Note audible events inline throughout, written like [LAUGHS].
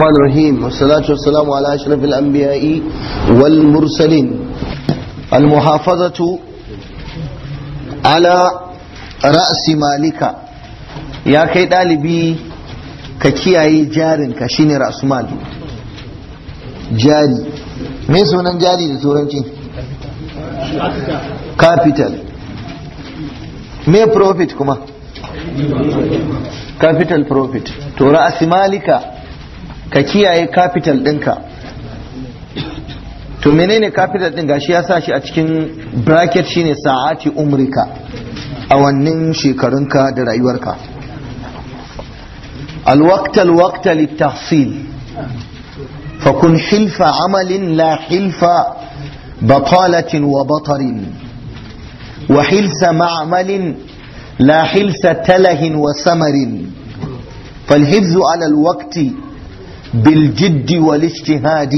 الرحمن الرحيم والصلاة والسلام على أشرف الأنبياء والمرسلين المحافظة على رأس مالك يا كي ɗalibi ka kiyaye jarinka shine rasu mal jari me sunan jari da turanci capital me profit kuma capital profit to Rasimalika. ka kiyaye capital ɗinka to menene capital ɗin gashi ya sa shi a cikin bracket shine sa'ati umrika awannin shekarunka da rayuwarka alwaktal alwakta littafsil fakun hilfa amalin la hilfa wa hilsa ma'amalin معمل لا wa samarin وسمر فالحفظ على الوقت بالجد والاجتهاد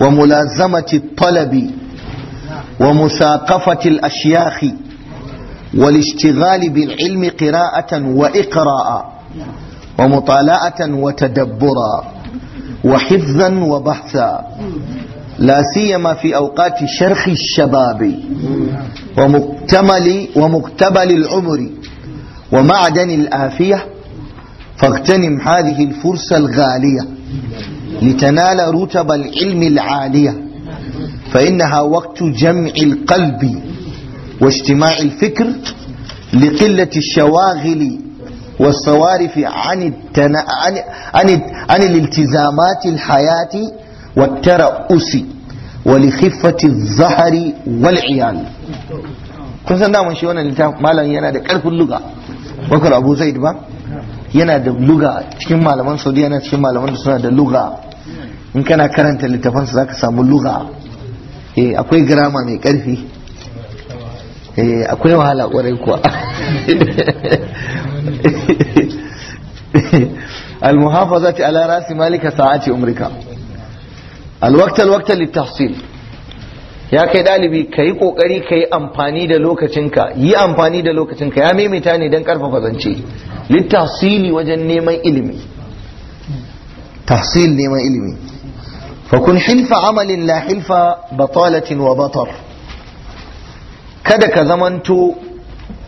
وملازمة الطلب ومساقفة الأشياخ والاشتغال بالعلم قراءة وإقراء ومطالعة وتدبرا وحفظا وبحثا لا سيما في أوقات شرخ الشباب ومكتمل ومقتبل العمر ومعدن الآفية فاغتنم هذه الفرصة الغالية لتنال رتب العلم العالية فإنها وقت جمع القلب واجتماع الفكر لقلة الشواغل والصوارف عن, التنا... عن... عن... عن الالتزامات الحياة والترأس ولخفة الظهر والعيال كنت san daman shi wannan littafin malam yana da karfin luga bakar yana da luga cikin malaman saudi yana cikin malaman da suna da luga in kana karanta littafansa za ka samu luga eh, akwai girama mai karfi eh, akwai wahala kwarai kuwa alara على Sa'a ce ساعات عمرك waktal الوقت للتحصيل ya kai ɗalibi ka yi ƙoƙari ka yi amfani da lokacinka yi amfani da lokacinka ya maimaita ne don ƙarfafa zance littasili wajen neman ilimi tahsil neman ilimi fakun hilfa amalin la hilfa batalatin wa batar kada ka zamanto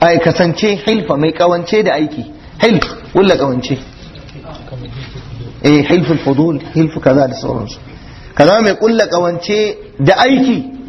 ai kasance hilfa mai kawance da aiki hilf wulla kawance eh hilful fudul hilfu kaza da sauransu ka zama mai kulla kawance da aiki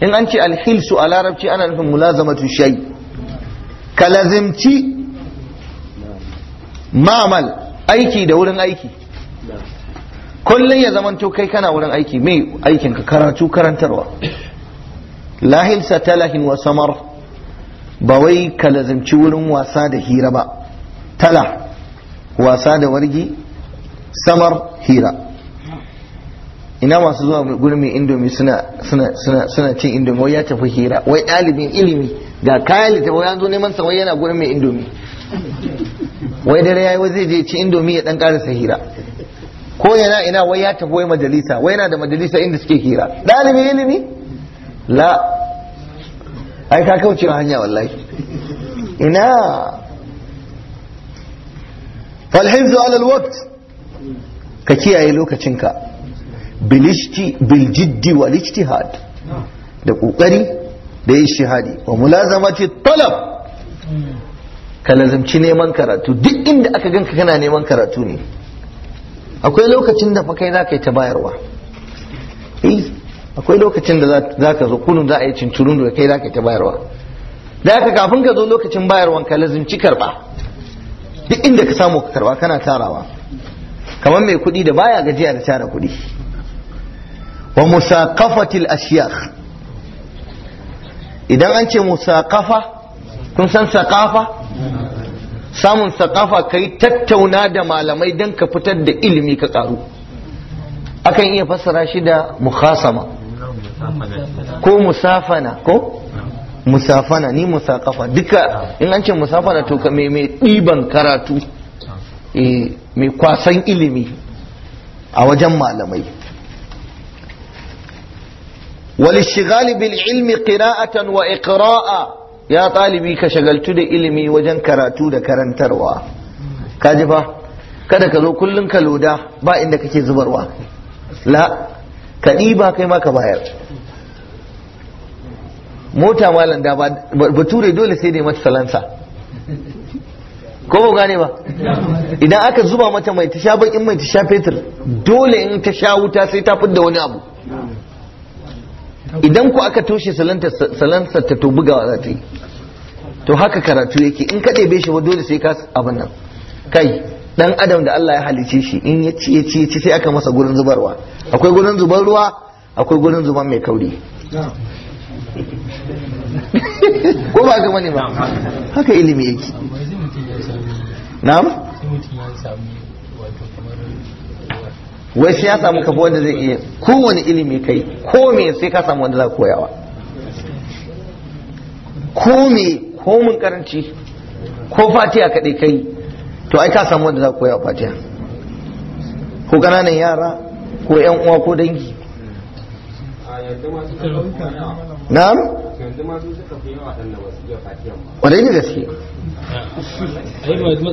in an ce alhilsu a larabci ana nufin mulazamatu shay ka lazimci ma'amal aiki da wurin aiki kullum ya zamanto kai kana wurin aiki mai aikin ka karatu karantarwa lahilsa talahin wa samar ba wai ka lazimci wurin wasa da hira ba tala wasa da wargi samar hira ina masu zuwa gurin indomi suna cin indomi wai ya tafi hira wai ɗalibin ilimi ga kayan littafi ya zo neman sawai wai yana gurin indomi wai dare ya wai zai je ci indomi ya dan karasa hira ko yana ina wai ya tafi wai majalisa wai yana da majalisa inda suke hira ɗalibin ilimi la ai ka kauce hanya wallahi ina falhizu alal waqt ka kiyaye lokacinka bil jiddi wal ijtihad da kokari da shahadi wa mulazamati talab ka lazimci neman karatu duk inda aka ganka kana neman karatu ne akwai lokacin da fa kai za ka yi ta bayarwa akwai lokacin da za ka zo kunun za a yi cinturun da kai za ka yi ta bayarwa da haka kafin ka zo lokacin bayarwan ka lazimci karba duk inda ka samu ka karba kana tarawa kamar mai kuɗi da baya gajiya da tara kuɗi wa musaqafatil ashiyakh idan an ce musaqafa kun san saqafa samun saqafa kai tattauna da malamai dan ka fitar da ilimi ka karu akan iya fassara shi da mukhasama ko musafana ko musafana ni musaqafa duka in an ce musafana to ka mai ɗiban karatu eh, mai kwasan ilimi a wajen malamai walishigali bil ilmi qira'atan wa iqra'a ya talibi ka shagaltu da ilimi wajen karatu da karantarwa ka ji fa kada ka zo kullun ka loda ba inda kake zubarwa la ka ba kai ma ka bayar mota malam da bature dole sai dai mata salansa ko ba gane ba idan aka zuba mata mai ta sha bakin mai ta sha fetur dole in ta sha wuta sai ta da wani abu idan ku aka toshe salansa ta tobi ga za ta yi to haka karatu yake in ka ɗebe shi ba dole sai ka abin nan kai dan adam da Allah ya halice shi in ya ci ya ci ya ci sai aka masa gurin zubarwa akwai gurin zubar ruwa akwai gurin zuban mai kauri [LAUGHS] ko ba ga mani ba haka ilimi yake na'am wai sai ya samu kafa wanda zai iya kowane ilimi kai ko me sai ka samu wanda za koyawa ko me ko mun karanci ko fatiya kaɗai kai to ai ka samu wanda za koyawa fatiya ko ƙananan yara ko yan uwa ko dangi Na wadai gaske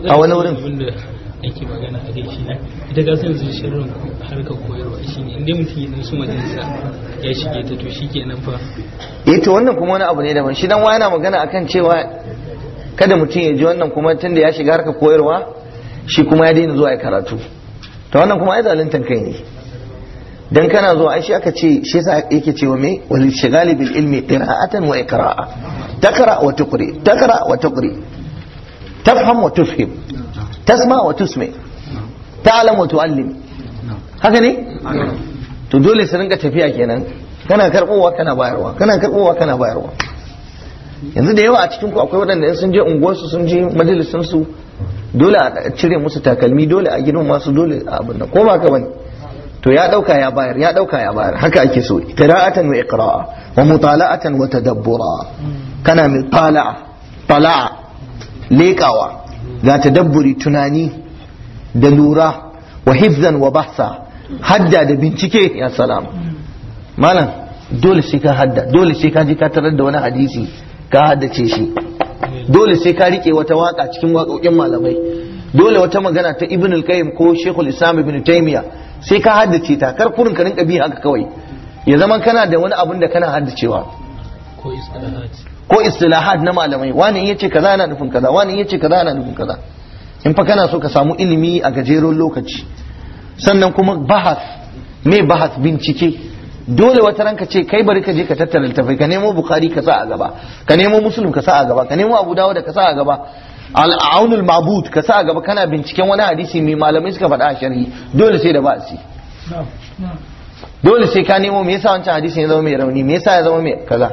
a wani wurin ake magana a kai shi na ita ka san shirin harkar koyarwa shi ne inda mutum ya su majalisa ya shige ta to shi kenan fa eh to wannan kuma wani abu ne daban shi dan wa yana magana akan cewa kada mutum ya ji wannan kuma tunda ya shiga harkar koyarwa shi kuma ya daina zuwa ya karatu to wannan kuma ai zaluntan kai ne dan kana zuwa ai shi aka ce shi yasa yake cewa me wal shigali bil ilmi qira'atan wa iqra'a takra wa tuqri takra wa tuqri tafham wa tufhim tasma wa tusmi ta'lam wa tu'allim haka ne to dole su rinka tafiya kenan kana karbowa kana bayarwa kana karbowa kana bayarwa yanzu da yawa a cikin ku akwai waɗanda sun je unguwarsu sun je majalisun su dole a cire musu takalmi dole a gidan masu dole a abin ko ba ka bane to ya dauka ya bayar ya dauka ya bayar haka ake so qira'atan wa iqra'a wa mutala'atan wa tadabbura kana mai tala'a tala'a leƙawa ga tadabburi tunani da lura wa hifzan wa bahsa hadda da bincike ya salama. malam dole sai ka hadda dole sai ka je ka tarar da wani hadisi ka haddace shi dole sai ka rike wata waka cikin waƙoƙin malamai dole wata magana ta ibn al-qayyim ko shekul islam ibn taymiya sai ka haddace ta kar kurin ka rinka haka kawai ya zama kana da wani abun da kana haddacewa ko ko istilahat na malamai wani ya ce kaza yana nufin kaza wani ya ce kaza yana nufin kaza in fa kana so ka samu ilimi a gajeren lokaci sannan kuma bahas me bahas bincike dole wata ranka ce kai bari ka je ka tattara littafai ka nemo bukhari ka sa a gaba ka nemo muslim ka sa a gaba ka nemo abu dawud ka sa a gaba al'aunul mabud ka sa a gaba kana binciken wani hadisi mai malamai suka faɗa a sharhi dole sai da ba'asi dole sai ka nemo me yasa wancan hadisi ya zama mai rauni me yasa ya zama mai kaza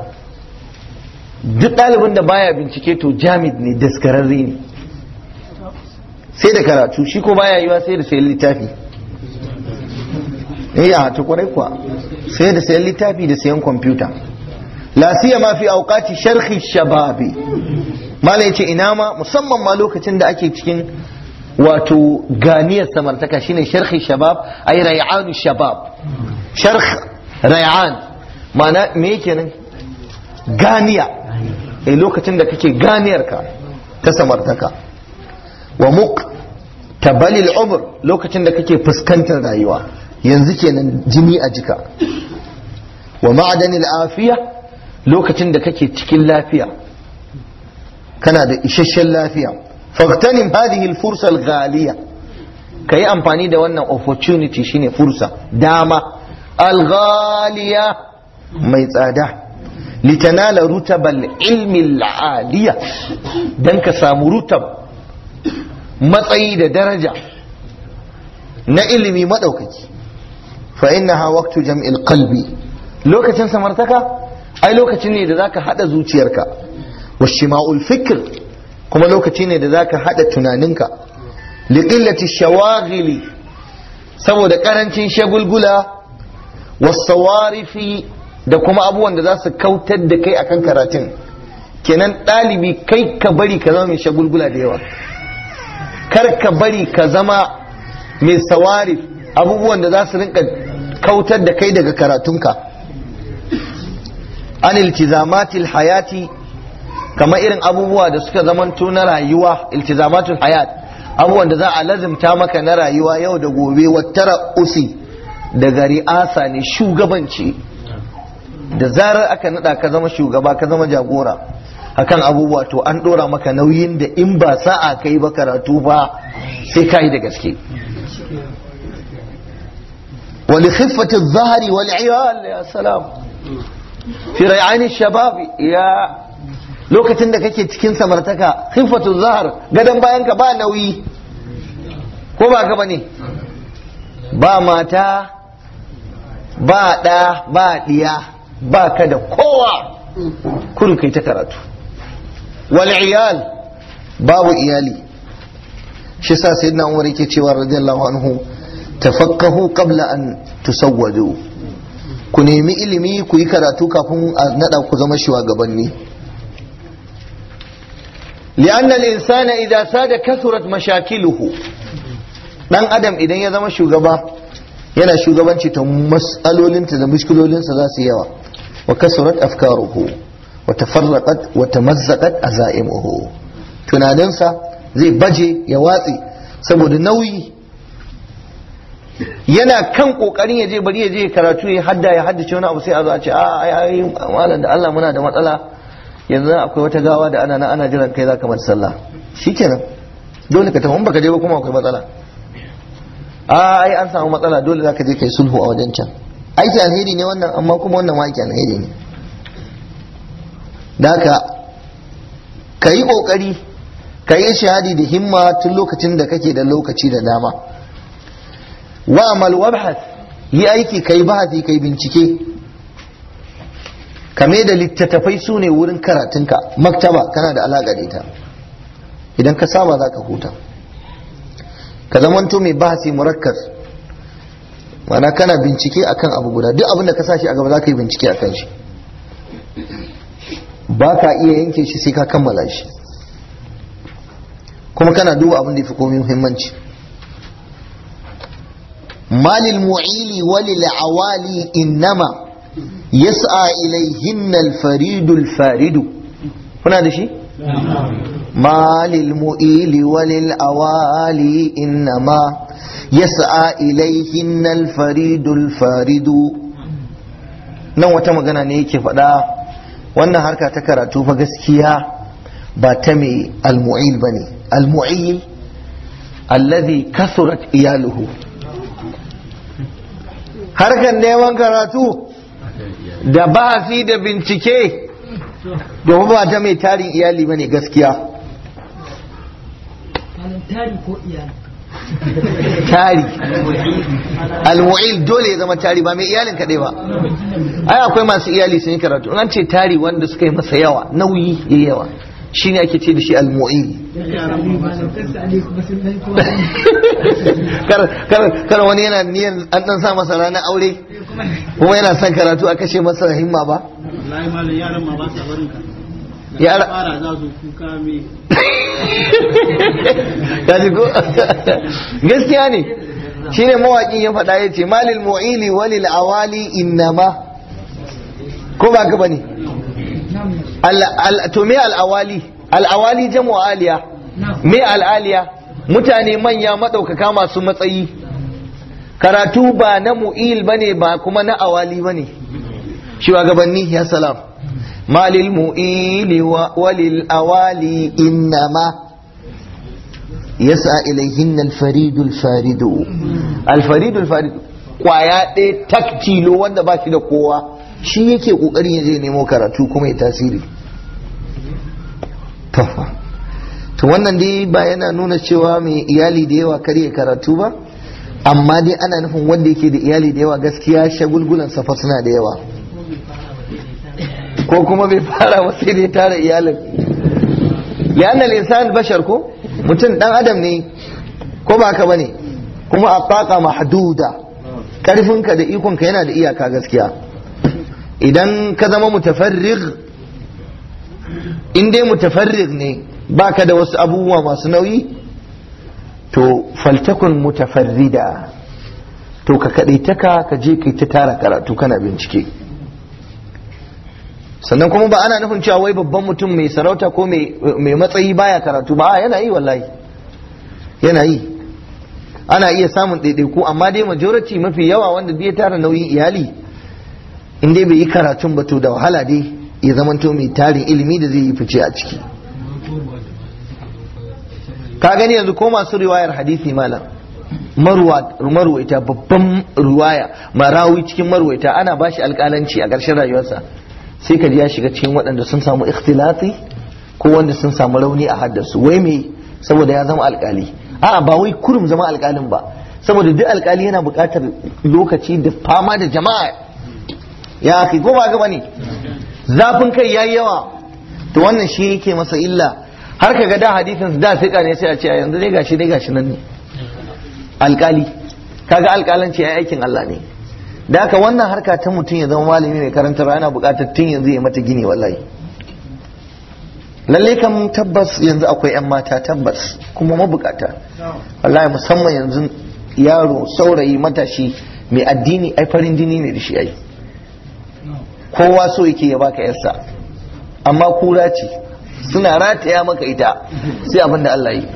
duk ɗalibin da baya bincike to jamid ne daskararre ne sai da karatu shi ko baya yiwa sai da sayan littafi eh a ta kwarai kuwa sai da sayan littafi da sayan kwamfuta la ma fi auqati sharhi shababi mala yace ina ma musamman ma lokacin da ake cikin wato ganiyar samartaka shine sharhi shabab ay rayan shabab sharh ray'an ma'ana me yake nan ganiya a eh, lokacin da kake ganiyarka ta samartaka wa muk tabalil umr lokacin da kake fuskantar rayuwa yanzu kenan jini a jika wa ma'adanil afiya lokacin da kake cikin lafiya kana da isasshen lafiya fagtanim hadhihi al-fursa al-ghaliya kayi amfani da wannan opportunity shine fursa dama al-ghaliya mai tsada litanala rutabal ilmi al'aliya dan ka samu rutab matsayi da daraja na ilimi madaukaki fa innaha waqtu jam'il qalbi lokacin samartaka ai lokacin ne da zaka hada zuciyarka washima'ul fikr kuma lokaci ne da zaka hada tunaninka liqillati shawaghili saboda karancin shagulgula wasawarifi da kuma abubuwan da za su kautar da kai akan karatun kenan ɗalibi kai ka bari ka zama mai shagulgula da yawa kar ka bari ka zama mai sawari abubuwan da za su rinka kautar da kai daga karatunka an iltizamatil hayati Kama irin abubuwa da suka zamanto na rayuwa iltizamatul hayat abubuwan da za a lazimta maka na rayuwa yau da gobe wattara usi daga ri'asa ne shugabanci da zarar aka nada ka zama shugaba ka zama jagora akan abubuwa to an dora maka nauyin da in ba sa'a kai ba karatu ba sai kai da gaske wal khiffati dhahri wal 'iyal ya salam fi rayani shabab ya lokacin da kake cikin samartaka khiffatu adh-dhahr gadan bayan ka ba nauyi ko ba ka bane ba mata ba ɗa ba ɗiya ba ka da kowa mm. kurin kai ta karatu waliyal iyal babu iyali shi sa na umar yake cewa radiyallahu anhu tafakkahu qabla an tusawwadu ku nemi ilimi ku yi karatu kafin a nada ku zama shugabanni li'anna al-insana idza sada kasurat mashakiluhu dan adam idan ya zama shugaba yana shugabanci ta matsalolinta da mushkilolinsa za su yawa wa kasurat afkaruhu wa tafarraqat wa tamazzaqat azaimuhu tunaninsa zai baje ya watsi saboda nauyi yana kan kokarin ya je bari ya je karatu ya hadda ya haddace wani abu sai a zo a ce a ah, ai malam da Allah muna da matsala yanzu akwai wata gawa da ana na ana jiran kai zaka mai sallah shikenan dole ka tafi in baka je ba kuma akwai matsala a ah, ai an samu matsala dole zaka je kai sulhu a wajen can aiki alheri ne wannan amma kuma wannan ma aiki alheri ne daka ka yi ƙoƙari ka yi shahadi da himma tun lokacin da kake da lokaci da dama wa amal wabhath yi aiki ka yi bahasi ka bincike kame da littattafai sune wurin karatun ka, maktaba kana da alaƙa da ita idan ka saba za ka huta ka zamanto mai bahasi murakkas mana kana bincike akan abu guda duk abin da ka sashi a gaba za ka yi bincike akan shi ba ka iya yanke shi sai ka kammala shi kuma kana duba abin da ya fi komai muhimmanci malil mu'ili walil awali innama yas'a ilayhin al al-faridu kuna da shi malil mu'ili walil awali innama yas'a ilaihin Faridun faridu nan wata magana ne yake faɗa wannan harka ta karatu fa gaskiya ba ta mai almu'il ba ne almu'il allazi kasurat iyaluhu harkar neman karatu da bahasi da bincike domin ba ta mai tarin iyali ba ne gaskiya tari al al-mu'il dole ya zama tari ba mai iyalin kaɗai ba ai akwai masu iyali sun yi karatu an ce tari wanda suka yi masa yawa nauyi ya yawa shi ne ake ce da shi al al-mu'il kar wani yana niyan an dan sa masa ranar aure kuma yana son karatu a kashe masa himma ba ya fara za su kuka me [LAUGHS] ko gaskiya ne shine mawaƙin ya faɗa ya ce malil mu'ili walil awali innama ko ba ka bane to me al'awali al'awali jamu aliya me al'aliya mutane manya maɗaukaka masu matsayi karatu ba na mu'il bane ba kuma na awali bane shugabanni ya salama. ما للمؤيل وللأوالي إنما يسعى إليهن الفريد الفارد الفريد الفارد kwaya ɗaya taktilo wanda ba shi da kowa shi yake ƙoƙarin ya je nemo karatu kuma ya tasiri to wannan dai ba yana nuna cewa mai iyali da yawa karya karatu ba amma dai ana nufin wanda yake da iyali da yawa gaskiya shagulgulan safa suna da yawa ko kuma bai fara ba sai dai tara iyalin li'anna al bashar ko mutum dan adam ne ko ba ka bane kuma ataqa mahduda karfinka da ikonka yana da iyaka gaskiya idan ka zama mutafarrig in dai mutafarrig ne baka da wasu abubuwa masu nauyi to faltakun mutafarrida to ka kaɗaitaka ka je kai ta tara karatu kana bincike sannan kuma ba ana nufin cewa wai babban mutum mai sarauta ko mai matsayi baya karatu ba yana yi wallahi yana yi ana iya samun ɗaiɗaiku amma dai majority mafi yawa wanda bai tara nauyin iyali in dai bai yi karatun ba to da wahala dai ya to mai tarin ilimi da zai yi fice a ciki ka gani yanzu ko masu riwayar hadisi malam marwaita babban riwaya marawi cikin maruwaita ana bashi alkalanci a ƙarshen rayuwarsa sai ka ji ya shiga cikin waɗanda sun samu ikhtilati ko wanda sun samu rauni a haddarsu wai me saboda ya zama alkali a'a ba wai kurum zama alkalin ba saboda duk alkali yana buƙatar lokaci da fama da jama'a ya kai ko ba gaba ne zafin kai yayi yawa to wannan shi yake masa illa har ka ga da hadisin da fika ne sai a ce yanzu dai gashi dai gashi nan ne alkali kaga alkalanci ai aikin Allah ne da haka wannan harka ta mutum ya zama malami mai karantar ana buƙatar tun yanzu ya mata gini wallahi lalle kam tabbas yanzu akwai 'yan mata tabbas kuma mabukata wallahi musamman yanzu yaro saurayi matashi mai addini ai farin jini ne da shi ai kowa so yake ya baka yarsa amma kura ce suna rataya maka ita sai abin da Allah yi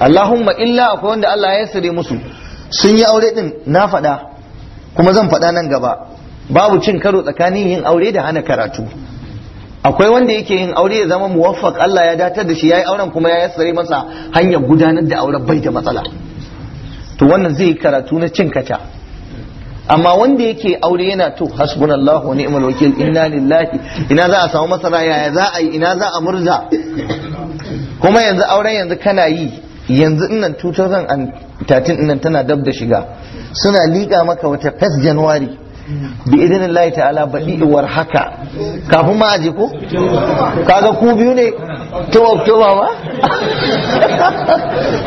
Allahumma illa akwai wanda Allah ya sare musu sun yi aure din na faɗa kuma zan faɗa nan gaba babu cin karo tsakanin yin aure da hana karatu akwai wanda yake yin aure ya zama muwaffaq Allah ya datar da shi yayi auren kuma ya yassare masa hanyar gudanar da auren bai da matsala to wannan zai yi karatu na cin kaca amma wanda yake aure yana to hasbunallahu wa ni'mal wakil inna lillahi ina za a samu masara yaya za a ina za a murza kuma yanzu auren yanzu kana yi yanzu innan 2013 innan tana dab da shiga suna liƙa maka wata 1 January. bi idan Allah ta'ala baɗi'uwar haka kafin ma aji ko kaga ku biyu ne ta oktoba ba?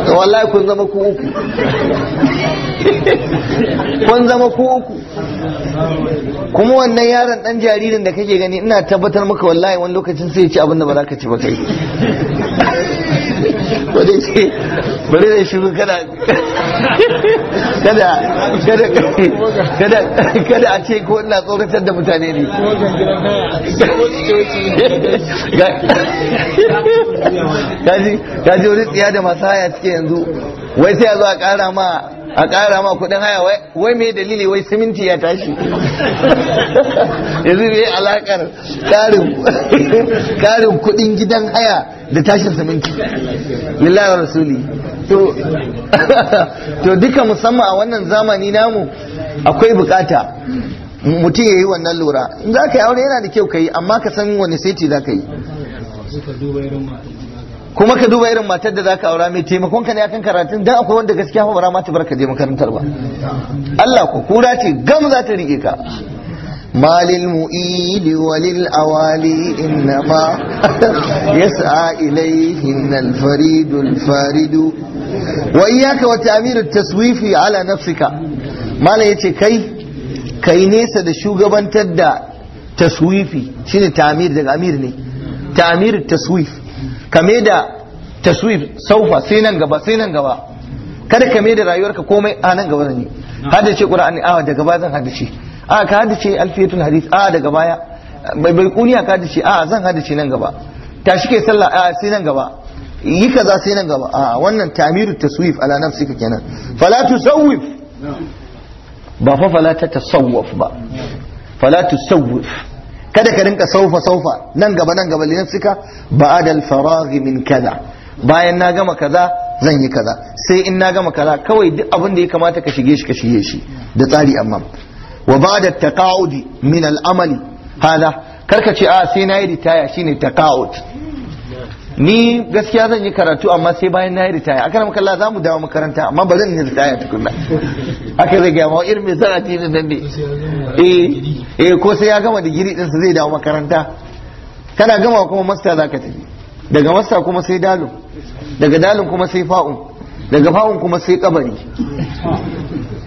to wallahi kun zama ku uku kun zama ku uku kuma wannan yaron dan jaririn da kake gani ina tabbatar maka wallahi wani lokacin sai ya ci abin da ba za ka ci ba kai [LAUGHS] ko bari zai shiru kada a ce ko ina tsoratar da mutane ne kaji kaji wani tsiya da masu haya suke yanzu wai sai a zo a kara ma a ƙara ma kuɗin haya wai mai dalili wai siminti ya tashi yanzu mai alaƙar ƙarin kuɗin gidan haya da tashin siminti lillahi rasuli [LAUGHS] to duka musamman a wannan zamani namu akwai bukata mutum ya yi wannan lura za ka yi aure yana da kyau ka yi amma ka san wani saiti za ka yi kuma ka duba irin matar da za ka aura mai taimakon ka ne akan karatun dan akwai wanda gaskiya fa bara ma ta barka je makarantar ba Allah ku kura ce gam za ta rike ka malil mu'idi walil awali innama yas'a ilayhin al faridul faridu wa iyyaka wa ta'miru taswifi ala nafsika malai yace kai kai nesa da shugabantar da taswifi shine ta'mir daga amir ne ta'mir taswifi kame da taswif saufa sai nan gaba sai nan gaba kada kame da rayuwarka komai a nan gaba ne ce qur'ani a daga baya zan hada ce a ka hada ce alfiyatul hadith a daga baya bai bai kuniya ka hada ce a zan hada ce nan gaba tashi ke sallah a sai nan gaba yi kaza sai nan gaba a wannan tamiru taswif ala ka kenan fala tusawwif ba fa fala ta tasawwaf ba fala tusawwif kada ka rinka saufa saufa nan gaba nan gaba linafsika ba'da al-faragh min kaza bayan na gama kaza zan yi kaza sai in na gama kaza kawai duk abin da ya kamata ka shige shi ka shige shi da tsari amma wa ba'da taqa'udi min al-amali hada karka ce a sai na yi ritaya shine taqa'ud ni gaskiya zan yi karatu amma sai bayan na yi ritaya a karam kalla za mu dawo makaranta amma ba zan yi ritaya tukuna. aka zai gaya ma irin mai sarati tinin nan ne eh, eh ko sai ya gama digiri din sa zai dawo makaranta kana gama kuma masta za ka tafi daga masta kuma sai dalin daga dalin kuma sai fa'un daga fa'un kuma sai kabari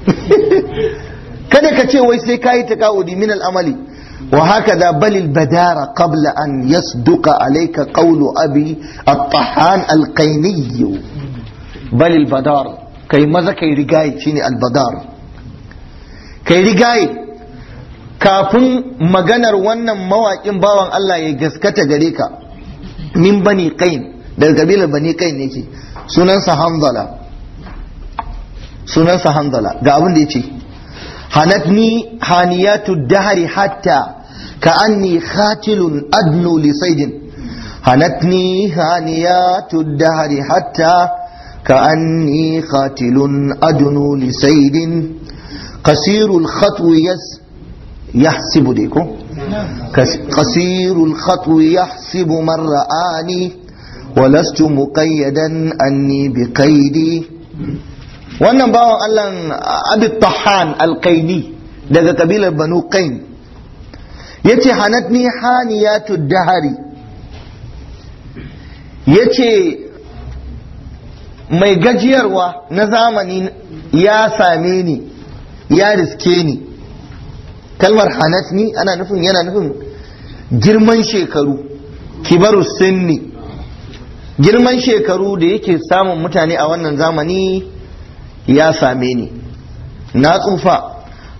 [LAUGHS] kada ka ce wai sai kayi taqawudi min al-amali وهكذا بل البدار قبل أن يصدق عليك قول أبي الطحان القيني maza kai كي ماذا كي رقاي شيني البدار كي رقاي kafin maganar wannan mawaƙin bawan Allah ya gaskata gare ka min bani kain daga kabilar bani kain sunansa hanzala ga abin da ya ce هانتني هانيات الدهر حتى كأني خاتل أدنو لصيد هانتني هانيات الدهر حتى كأني خاتل أدنو لصيد قصير الخطو يس يحسب ديكو قصير الخطو يحسب من رآني ولست مقيدا أني بقيدي wannan bawan Allah Abi Tahan al daga kabilar Banu Qain yace hanatni haniyatu dahari yace mai gajiyarwa na zamani ya same ni ya riske ni kalmar hanatni ana nufin yana nufin girman shekaru kibaru sinni girman shekaru da yake samun mutane a wannan zamani ya same ni na tsufa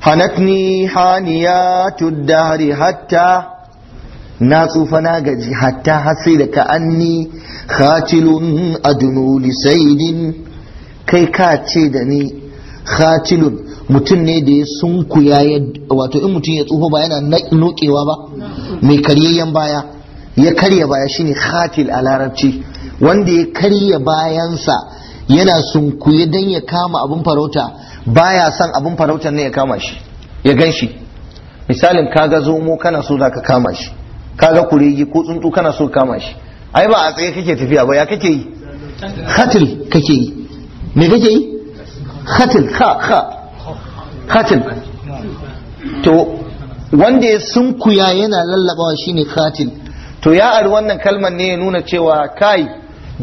hanatni haniya tuddari hatta na tsufa na gaji hatta har da ka anni khatilun adnu li kai ka ce da ni khatilun mutum ne da ya wato in mutum ya tsufa ba yana nokewa ba mai karyayyen baya ya karya baya shine khatil a larabci wanda ya karya bayansa yana sunkuye don ya kama abin farauta baya son abin farautar ne ya kama shi ya gan shi misalin kaga zomo kana so za ka kama shi kaga kuregi ko tsuntsu kana so kama shi ai ba a tsaye kake tafiya ba ya kake yi khatil kake yi me kake yi khatil kha kha khatil to wanda ya sunkuya yana lallabawa shine khatil to ya ari wannan kalmar ne ya nuna cewa kai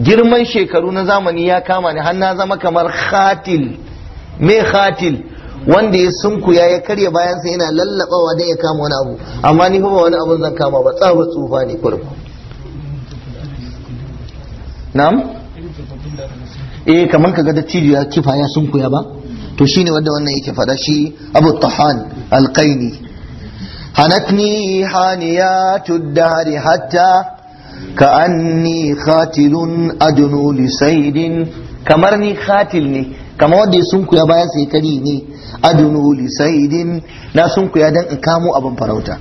girman shekaru na zamani ya kama ni har na zama kamar khatil mai khatil wanda ya sunkuya ya karya bayan bayansa yana lallabawa dan ya kama wani abu amma ni ba wani abun zan kama ba tsaba tsufa ne kurum nam eh kamar kaga da ya kifa ya sunkuya ba to shine wanda wannan yake fada shi Abu Tahan Al-Qaini hanatni haniyatud dahri hatta Ka'an ni khatilun adinoli saidin. Kamar ni khatil ne, kamar wanda ya sunkuyawa bayan sai kadiyi ne. Adinoli saidin na sunkuyawa dan in kamo abin farauta.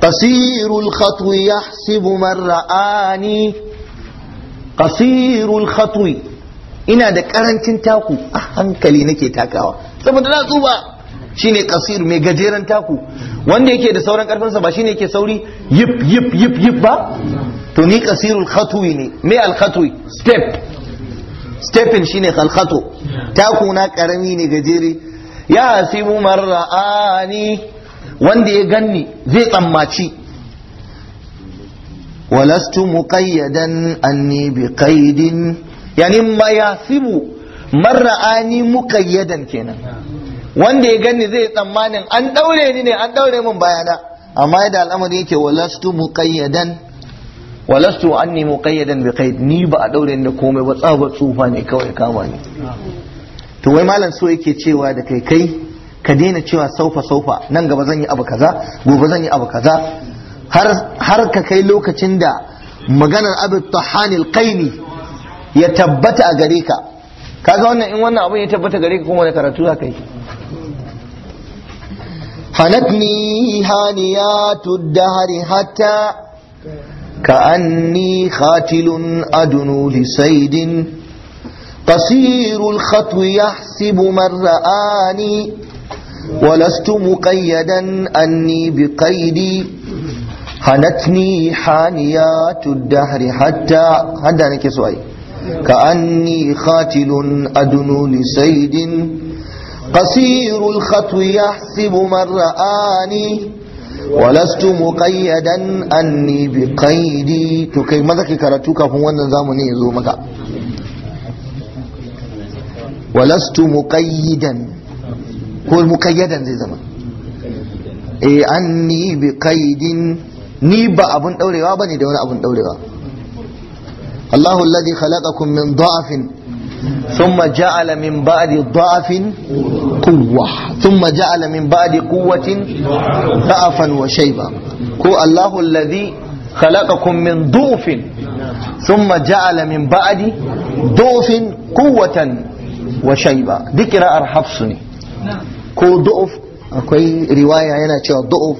Ƙasiru lkhaturi ya hasibu mara ani. ina da ƙarancin taku a hankali nake takawa saboda na su shine kasir mai gajeren taku wanda yake da sauran karfinsa ba shine yake sauri yip yip yip yip ba to ni kasirul khatwi ne me al khatwi step stepin shine al khatu taku na karami ne gajere ya asimu marani wanda ya ganni zai tsammaci walastu muqayyadan anni qaidin yani ma yasibu marra'ani muqayyadan kenan wanda ya gani zai tsammanin an ɗaure ni ne an ɗaure min bayana amma yadda al'amari yake walastu muqayyadan walastu anni muqayyadan bi qaid ni ba a daure ni da komai ba tsabar tsufa ne kawai kama ni to wai malam so yake cewa da kai kai ka daina cewa saufa saufa nan gaba zan yi abu kaza gobe zan yi abu kaza har ka kai lokacin da maganar abu tahanil qaini ya tabbata a gare ka kaga wannan in wannan abun ya tabbata gare ka kuma da karatu za ka حنتني هانيات الدهر حتى كأني خاتل أدنو لسيد قصير الخطو يحسب من رآني ولست مقيدا أني بقيدي هنتني حانيات الدهر حتى هذا كأني خاتل أدنو لسيد قصير الخطو يحسب من رآني ولست مقيدا أني بقيدي تكي ماذا كي كرتوك فوانا زامني زومك ولست مقيدا هو مقيدا زي زمان eh anni bi qaidin ni ba abun daurewa bane da wani abun daurewa Allahu alladhi khalaqakum min da'afin ثم جعل من بعد ضعف قوة ثم جعل من بعد قوة ضعفا وشيبا هو الله الذي خلقكم من ضعف ثم جعل من بعد ضعف قوة وشيبا ذكر أرحفصني كو ضعف akwai riwaya yana cewa da'uf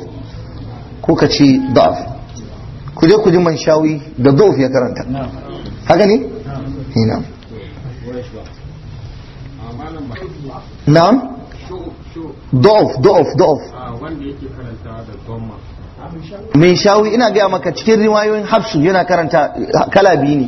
ko ka ce da'af ku je ku ji man shawi da da'uf ya karanta haka ne? na'am do'of do'of do'of mai shawi ina gaya maka cikin riwayoyin habsu yana karanta kala biyu ne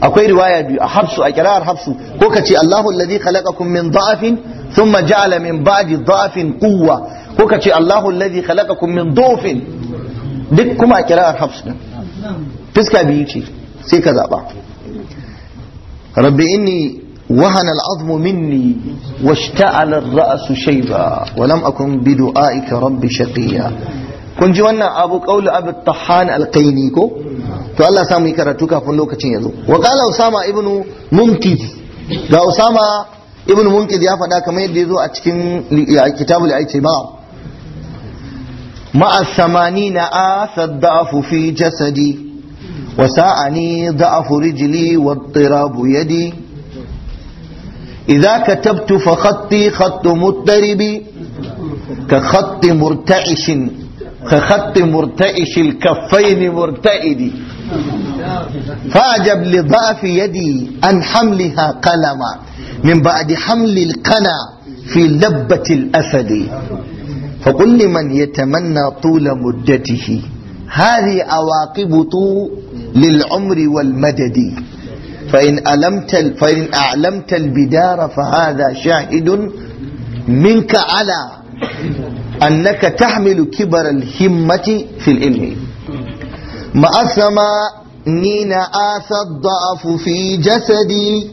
akwai riwaya biyu a habsu a kirar habsu ko ka ce Allahu alladhi khalaqakum min da'afin thumma ja'ala min ba'di da'afin quwwa ko ka ce Allahu alladhi khalaqakum min da'fin duk kuma a kirar hafsu din fiska biyu ce sai ka zaba rabbi inni وهن العظم مني واشتعل الرأس شيبا ولم أكن بدعائك رب شقيا kun ji wannan abu kaulu abu tahan alkaini ko to Allah samu yi karatu kafin lokacin yazo zo wa qala usama ibnu munkid ga usama ibnu munkid ya faɗa kamar yadda ya a cikin kitabul aitima ma'a samanina asaddafu fi jasadi wa sa'ani da'afu rijli wa yadi إذا كتبت فخطي خط مضطرب كخط مرتعش كخط مرتعش الكفين مرتئد فأعجب لضعف يدي أن حملها قلما من بعد حمل القنا في لبة الأسد فقل لمن يتمنى طول مدته هذه أواقب طول للعمر والمدد فإن ألمت فإن أعلمت البدار فهذا شاهد منك على أنك تحمل كبر الهمة في العلم ما أسمى نين آثى الضعف في جسدي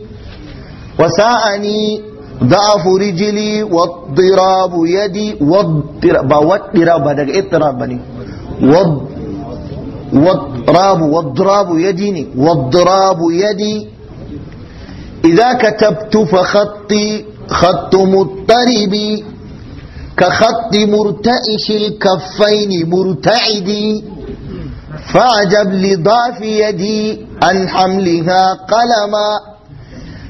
وساءني ضعف رجلي واضطراب يدي واضطراب واضطراب هذا اضطراب بني واضطراب واضراب واضراب يديني واضراب يدي إذا كتبت فخطي خط مضطرب كخط مرتئش الكفين مرتعد فعجب لضعف يدي عن حملها قلما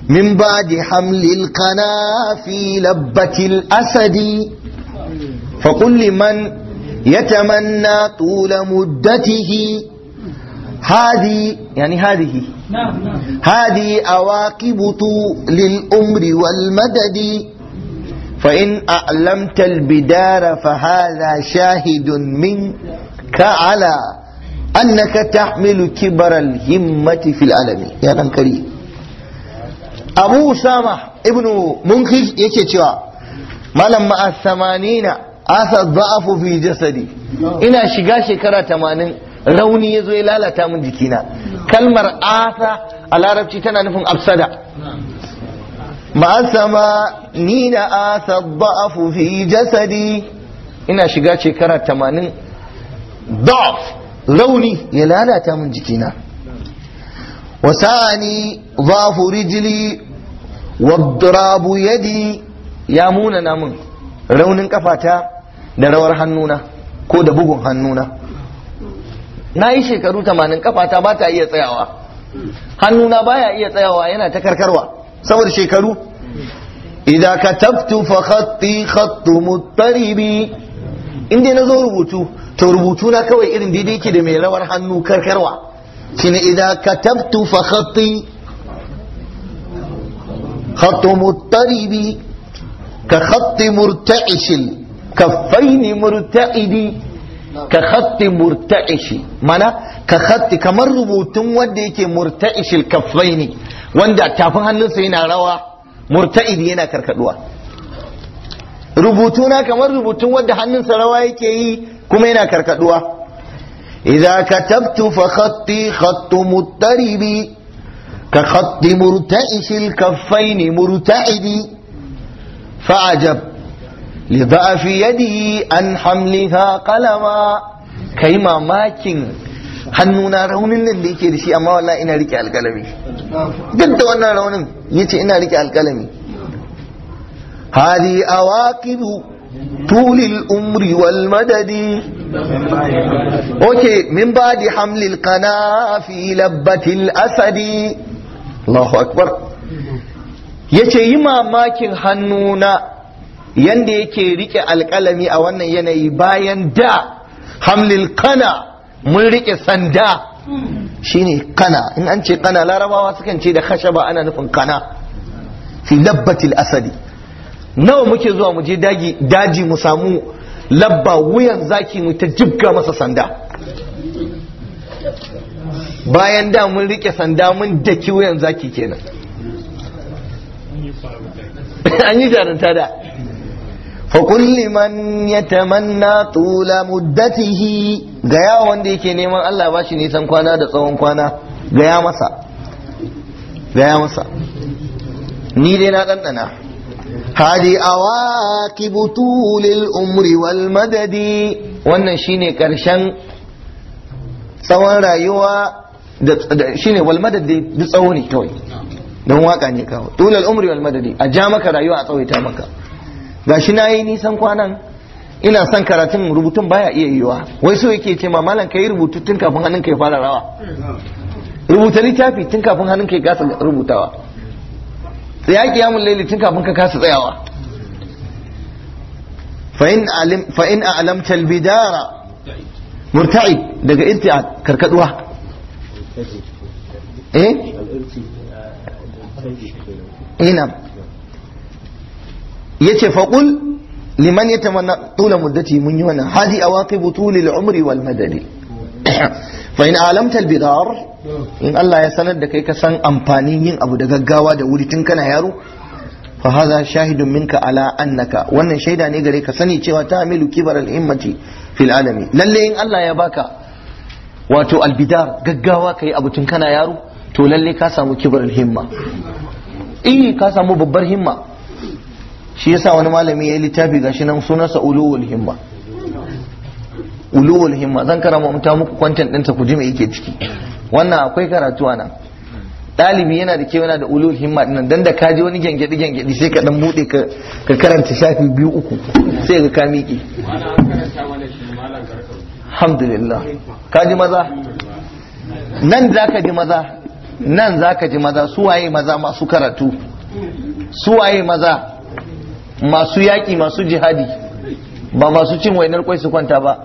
من بعد حمل القنا في لبة الأسد فقل لمن يتمنى طول مدته هذه يعني هذه نعم، نعم. هذه أواقب طول الأمر والمدد فإن أعلمت البدار فهذا شاهد منك على أنك تحمل كبر الهمة في العالم يا يعني كريم أبو سامح ابن منخج يكي ما لما الثمانين asa dha'afu fi jasadi ina shiga shekara tamanin rauni ya zo ya lalata min jikina kalmar asa a larabci tana nufin afsada ma'asama ni na asa dha'afu fi jasadi ina shiga shekara tamanin da'af rauni ya lalata min jikina wasani dhafu rijli wa yadi ya munana min raunin kafata da rawar hannuna ko da bugun hannuna na yi shekaru tamanin kafata ba ta iya tsayawa hannuna baya iya tsayawa yana ta karkarwa saboda shekaru idza katabtu fa khatti khattu muttaribi inda na zo rubutu to rubutu na kawai irin daidai yake da mai rawar hannu karkarwa shine idza katabtu fa khatti khattu muttaribi ka khatti murta'ishin كفين مرتعدي كخط مرتعش معنى كخط كمن ربوت ودي مرتعش الكفين وان دا تافن هنن سينا روا مرتعدي هنا كركدوا ربوتونا كمن ربوت ودي هنن سروا يكي كما هنا كركدوا اذا كتبت فخطي خط متربي كخط مرتعش الكفين مرتعدي فعجبت li da'afi yadihi an hamliha kalama kai mamakin hannuna raunin nan da yake da shi amma wallahi ina rike alkalami duk da wannan raunin yace ina rike alkalami hadi awaqibu tulil umri wal madadi okay min ba'di hamlil qana fi labbatil asadi Allahu akbar yace yi mamakin hannuna yanda yake rike alkalami a wannan yanayi bayan da hamlil kana mun rike sanda shine kana in an ce kana larabawa sukan ce da khashaba ana nufin kana fi labbatil asadi nawa muke zuwa mu je daji mu samu labba wuyan zaki mu ta jibga masa sanda bayan da mun rike sanda mun daki wuyan zaki kenan [LAUGHS] an yi jarunta da faƙun liman ya tamanna tula muddatihi gaya wanda yake neman Allah ba shi nisan kwana da tsawon kwana gaya masa gaya masa ni dai na ɗanɗana hadi awa kibutulil umri wal madadi wannan shine ƙarshen tsawon rayuwa shine wal madadi duk tsawo ne kawai don waka ne kawai tulal umri wal madadi a ja maka rayuwa a tsawaita maka gashi na yi nisan kwanan ina son karatun rubutun baya iya yiwa wai so yake ce malam ka yi rubutu tun kafin hannun ka ya fara rawa rubuta littafi tun kafin hannun ka ya kasa rubutawa tsaya kiyamun laili tun kafin ka kasa tsayawa fa'in a alam al-bidara murta'id daga irti'ad karkaduwa eh ina eh, ya ce faqul liman yatamanna tula muddati mun yi wannan hadi awaqibu tulil umri wal madadi [COUGHS] fa in alamta al in Allah ya sanar da kai ka san amfanin yin abu da gaggawa da wuri tun kana yaro fa hadha shahidun minka ala annaka wannan shaida ne gare ka sani cewa ta amilu kibar al himmati fil alami lalle in Allah ya baka wato al gaggawa kai abu tun kana yaro to lalle ka samu kibar al himma eh ka samu babbar himma shi yasa wani malami ya yi littafi ga shi nan sunansa uluwul himma uluwul himma zan karama muta muku kwantan ɗinsa ku ji me yake ciki wannan akwai karatu a nan ɗalibi yana da kewa yana da uluwul himma ɗin dan da kaji wani gyangyaɗi gyangyaɗi sai ka ɗan buɗe ka karanta shafi biyu uku sai ka ka miƙe alhamdulillah kaji maza nan za ka ji maza nan za ka ji maza su waye maza masu karatu Su waye maza masu yaƙi masu jihadi ba masu cin wainar kwai su kwanta ba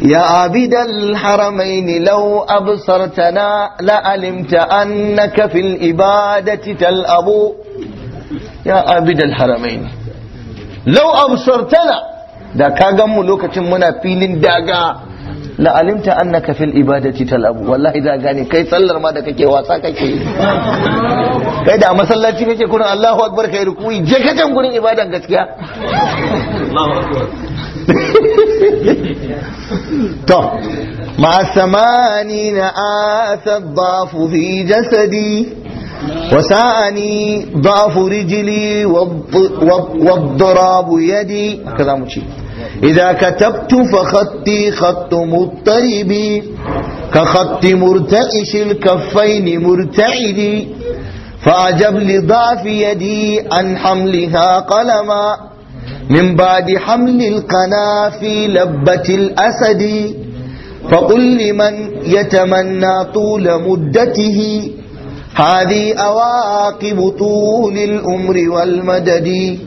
ya haramai haramaini lau absartana la'alimta annaka fil ibadati tal abu ya haramai haramaini lau absartana da ka gan mu lokacin muna filin daga la'alimta annaka fil ibadati tal'abu wallahi da gane kai sallar ma da kake wasa kake kai da masallaci kake kurin Allahu akbar kai rukuyi je ka can gurin ibadan gaskiya to ma samani na asaddafu fi jasadi وساءني ضعف رجلي والضراب يدي كذا مشي إذا كتبت فخطي خط مضطرب كخط مرتئش الكفين مرتعد فأجب لضعف يدي عن حملها قلما من بعد حمل القنا في لبة الأسد فقل لمن يتمنى طول مدته هذه أواقب طول الأمر والمدد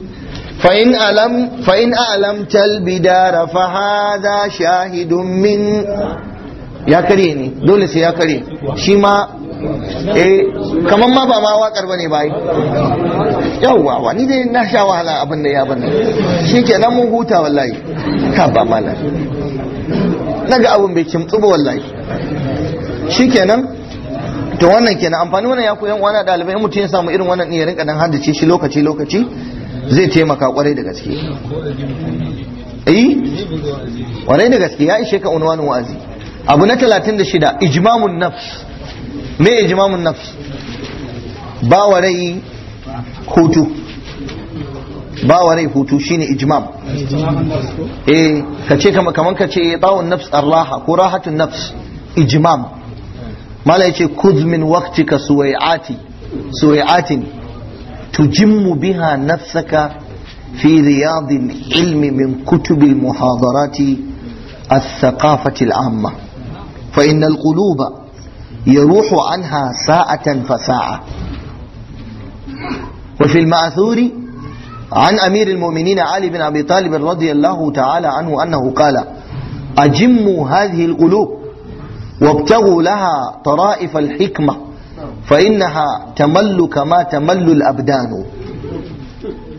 فإن ألم فإن ألمت البدار فهذا شاهد من ya kare ne dole sai ya kare shi ma eh kamar ma ba ma ba bane bai yawwa wa ni dai na sha wahala abin da ya bane nan mun huta wallahi ka ba mala ga abin bai kimtsu Shi ke nan to wannan kenan amfani wannan ya koyan wani dalibai mutum ya samu irin wannan ne ya rinka dan haddace shi lokaci lokaci zai taimaka kwarai da gaske eh kwarai da gaske ya ishe ka unwanin wa'azi abu na 36 ijmamun nafs me ijmamun nafs ba warai hutu ba warai hutu shine ijmam eh kace kaman kace bawun nafs arraha ko rahatun nafs ijmam mala yace kudh min waqtika suwai'ati suwai'atin تجم بها نفسك في رياض العلم من كتب المحاضرات الثقافة العامة فإن القلوب يروح عنها ساعة فساعة وفي المأثور عن أمير المؤمنين علي بن أبي طالب رضي الله تعالى عنه أنه قال أجموا هذه القلوب وابتغوا لها طرائف الحكمة fa innaha tamallu kama tamallu al-abdanu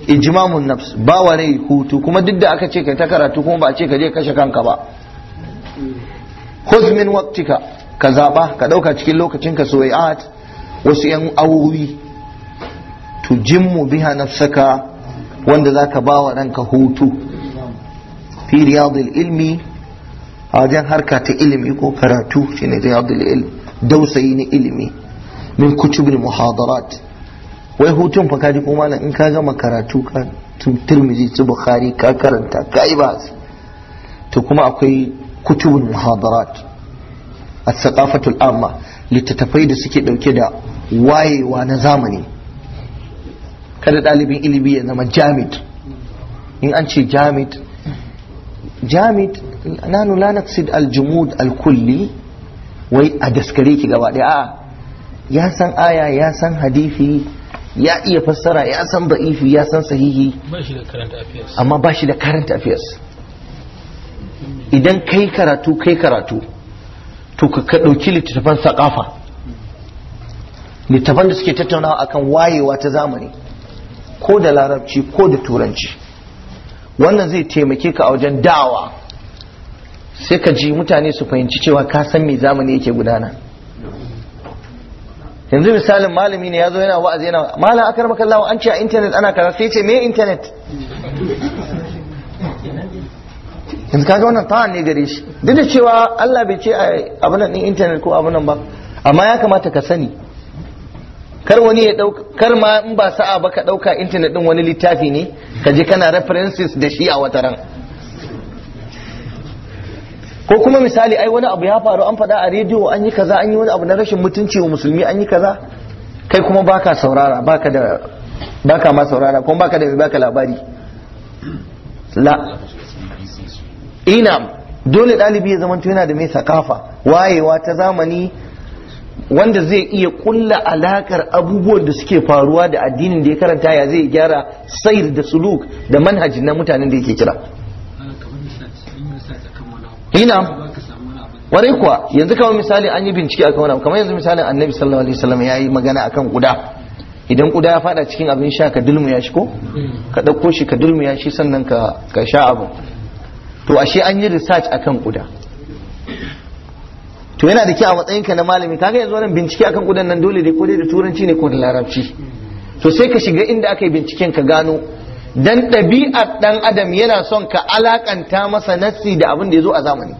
ijmamun nafs ba wa rai hutu kuma duk da aka ce ka ta karatu kuma ba ce ka je kashe kanka ba khuz min ka zaba ka dauka cikin lokacin ka soyat wasu yan awowi tujimmu biha nafsaka wanda za ba wa ranka hutu fi riyadil ilmi a wajen harka ta ilimi ko karatu shine riyadil ilmi dausayi na ilimi min kutubil muhadarat wai hutun fa kaji ko malam in ka gama karatu ka turmizi su bukhari ka karanta ka yi ba to kuma akwai kutubul muhadarat as-saqafatul amma littattafai da suke dauke da wayewa na zamani kada dalibin ilimi ya zama Jamit. in an ce Jamit, Jamit. nanu la al-jumud al-kulli wai a daskare ki gaba daya ya san aya ya san hadisi ya iya fassara ya san da'ifi ya san sahihi amma ba shi da karanta affairs idan kai karatu kai karatu to ka ɗauki littattafan saƙafa littattafan da suke tattaunawa akan wayewa ta zamani ko da larabci ko da turanci wannan zai taimake ka a wajen da'awa sai ka ji mutane su fahimci cewa ka san me zamani yake gudana yanzu misalin malami ne ya zo yana wa'azi yana mala akar makallawa an ce a intanet ana kaza sai ce me intanet yanzu kaga wannan ta'an ne gare shi duk da cewa Allah bai ce abin nan intanet ko abunan nan ba amma ya kamata ka sani kar wani ya dauka kar ma in ba sa'a ba ka dauka intanet din wani littafi ne ka je kana references da shi a wataran ko kuma misali ai wani abu ya faru an faɗa a rediyo an yi kaza an yi wani abu na rashin mutunci wa musulmi an yi kaza kai kuma baka saurara baka da baka ma saurara kuma baka da baka labari la ina dole ɗalibi ya zamanto yana da mai sakafa wayewa ta zamani wanda zai iya kulla alakar abubuwan da suke faruwa da addinin da ya karanta ya zai gyara sayar da suluk da manhajin na mutanen da yake kira ina warai kuwa yanzu kawai misali an yi bincike akan wani kamar yanzu misalin annabi sallallahu alaihi wasallam ya yi magana akan kuda. idan kuda ya fada cikin abin sha ka ya shi ko ka ɗauko shi ka ya shi sannan ka ka sha abu to ashe an yi research akan kuda to yana da kyau a matsayinka na malami kaga yanzu wannan bincike akan kudan nan dole dai ko dai da turanci ne ko da larabci to sai ka shiga inda aka yi binciken ka gano dan ɗabi'ar ɗan adam yana son ka alakanta masa nassi da abin da ya zo a zamani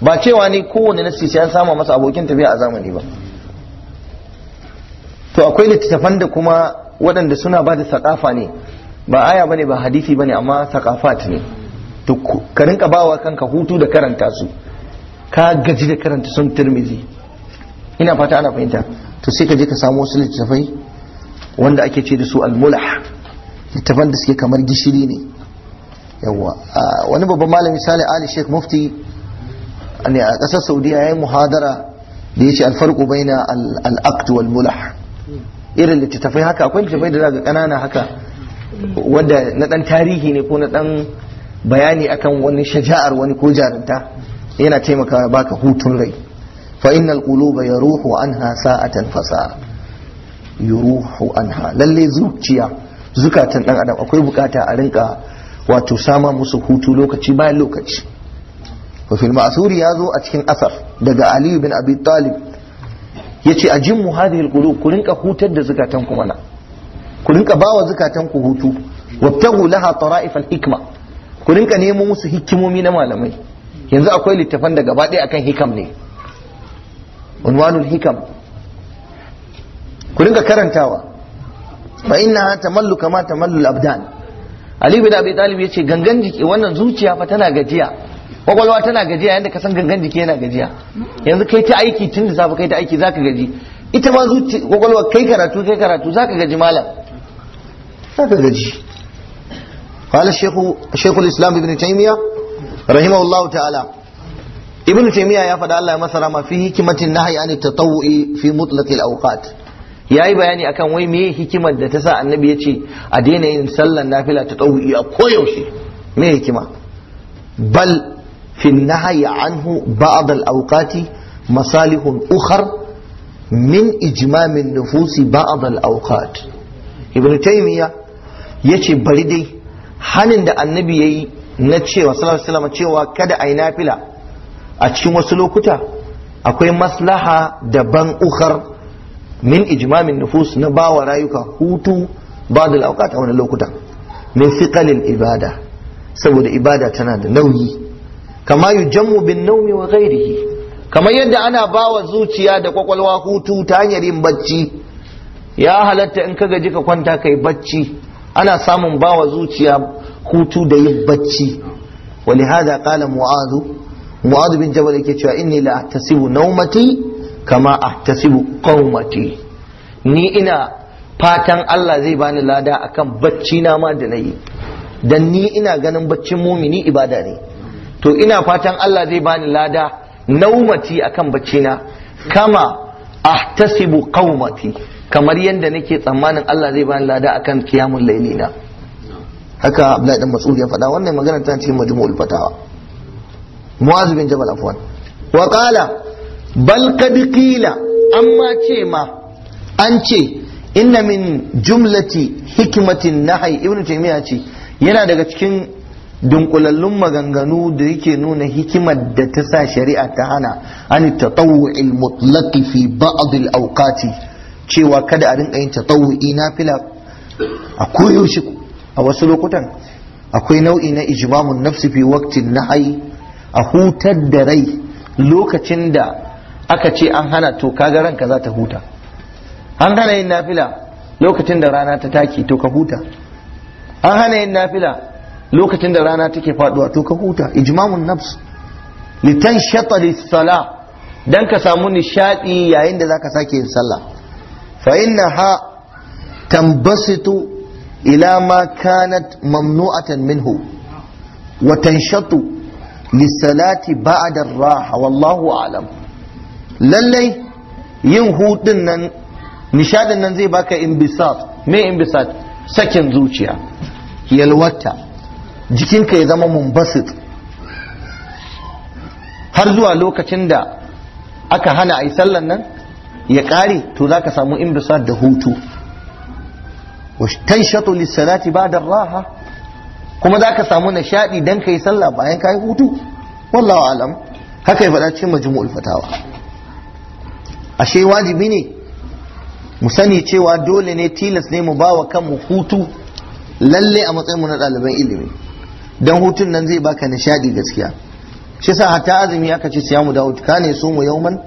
ba cewa ne kowane nassi sai an sama masa abokin tafiya a zamani ba to akwai littattafan da kuma waɗanda suna ba da saƙafa ne ba aya bane ba hadisi bane amma saƙafat ne to ka rinka bawa kanka hutu da karanta su ka gaji da karanta sun turmizi ina fata ana fahimta to sai ka je ka samu wasu littattafai wanda ake ce da su al-mulah littafan da suke kamar gishiri ne yawa wani babban malami sale ali sheikh mufti ne a ƙasar saudiya ya yi muhadara da ya ce alfarko bai na al'akt wal mulah irin littattafai haka akwai littattafai da daga ƙanana haka wadda na ɗan tarihi ne ko na ɗan bayani akan wani shaja'ar wani ko jarinta yana taimakawa baka hutun rai fa innal quluba yaruhu anha sa'atan fasa yuruhu anha lalle zuciya zukatan dan adam akwai bukata a rinka wato sama musu hutu lokaci bayan lokaci wa fil ma'thuri ya zo a cikin asar daga ali bin abi talib yace ajimmu hadhihi alqulub ku rinka hutar da zukatan ku mana ku rinka bawa zukatan ku hutu wabtahu laha tara'if hikma ku rinka nemo musu hikimomi na malamai yanzu akwai littafan da gaba akan hikam ne unwanul hikam ku rinka karantawa fa innaha tamallu kama tamallu abdan ali bin abi talib yace gangan jiki wannan zuciya fa tana gajiya kwakwalwa tana gajiya yadda ka san gangan jiki yana gajiya yanzu kai ta aiki tun da safe kai ta aiki zaka gaji ita ma zuci kwakwalwa kai karatu kai karatu zaka gaji malam zaka gaji قال الشيخ شيخ الاسلام ابن تيميه رحمه الله تعالى ابن تيميه يا فدا الله مسرا ما في حكمه النهي عن التطوع في مطلق الاوقات ya yi bayani akan wai me hikimar da ta sa annabi ya ce a daina yin sallar nafila ta ɗauki a koyaushe me hikima bal fi nahyi anhu ba'd al-awqati masalihun ukhar min ijmamin nufusi ba'd al-awqat ibn taymiya yace bari dai hanin da annabi yayi na cewa sallallahu alaihi cewa kada ayi nafila a cikin wasu lokuta akwai maslaha daban ukhar min ijmamin nufus na bawa rayuka hutu ba da a wani lokuta min fiqalil ibada saboda ibada tana da nauyi kama bin naumi wa kamar yadda ana bawa zuciya da kwakwalwa hutu ta hanyar yin bacci ya halatta in ka gaji ka kwanta kai bacci ana samun bawa zuciya hutu da yin bacci ولهذا kala mu'adu? Mu'adu bin جبل yake cewa inni la tasibu naumati kama ahtasibu qaumati ni ina fatan Allah zai bani lada akan bacci na ma da nayi dan ni ina ganin baccin mumini ibada ne to ina fatan Allah zai bani lada naumati akan bacci na kama ahtasibu qaumati kamar yadda nake tsammanin Allah zai bani lada akan kiyamun lailina haka Abdullahi dan Mas'ud ya faɗa wannan magana ta cikin majmu'ul fatawa Mu'az bin Jabal afwan bal kad qila amma ce ma an ce inna min jumlati hikmatin nahai ibn taymiya ce yana daga cikin dunkulallun maganganu da yake nuna hikimar da ta sa shari'a ta hana an tatawu'il mutlaqi fi ba'd al-awqati cewa kada a rinka yin tatawu'i nafila a koyaushe a wasu lokutan akwai nau'i na ijmamun nafsi fi waqtin nahai a hutar da rai lokacin da aka ce an hana to kaga ranka za ta huta an hana yin nafila lokacin da rana ta take to ka huta an hana yin nafila lokacin da rana take faduwa to ka huta ijmamun nafs litan li sala dan ka samu nishadi yayin da zaka sake yin sallah fa ha tambasitu ila ma kanat mamnu'atan minhu wa tanshatu lisalati ba'da ar-raha wallahu a'lam lallai yin huɗun nan nishadin nan zai baka imbisat me imbisat sakin zuciya yalwata jikinka ya zama mumbasit har zuwa lokacin da aka hana a yi sallan nan ya ƙare to za ka samu imbisat da hutu tanshatu lissalati da raha kuma za ka samu nishadi dan kayi sallah bayan kayi hutu wallawa alam haka ya faɗa cikin majmu'ul fatawa ashe wajibi ne mu sani cewa dole ne tilas ne mu bawa kanmu hutu lalle a matsayinmu na ɗaliban ilimi don hutun nan zai baka nishadi gaskiya shi sa hatta azumi aka ce siyamu da ka ne su mu yauman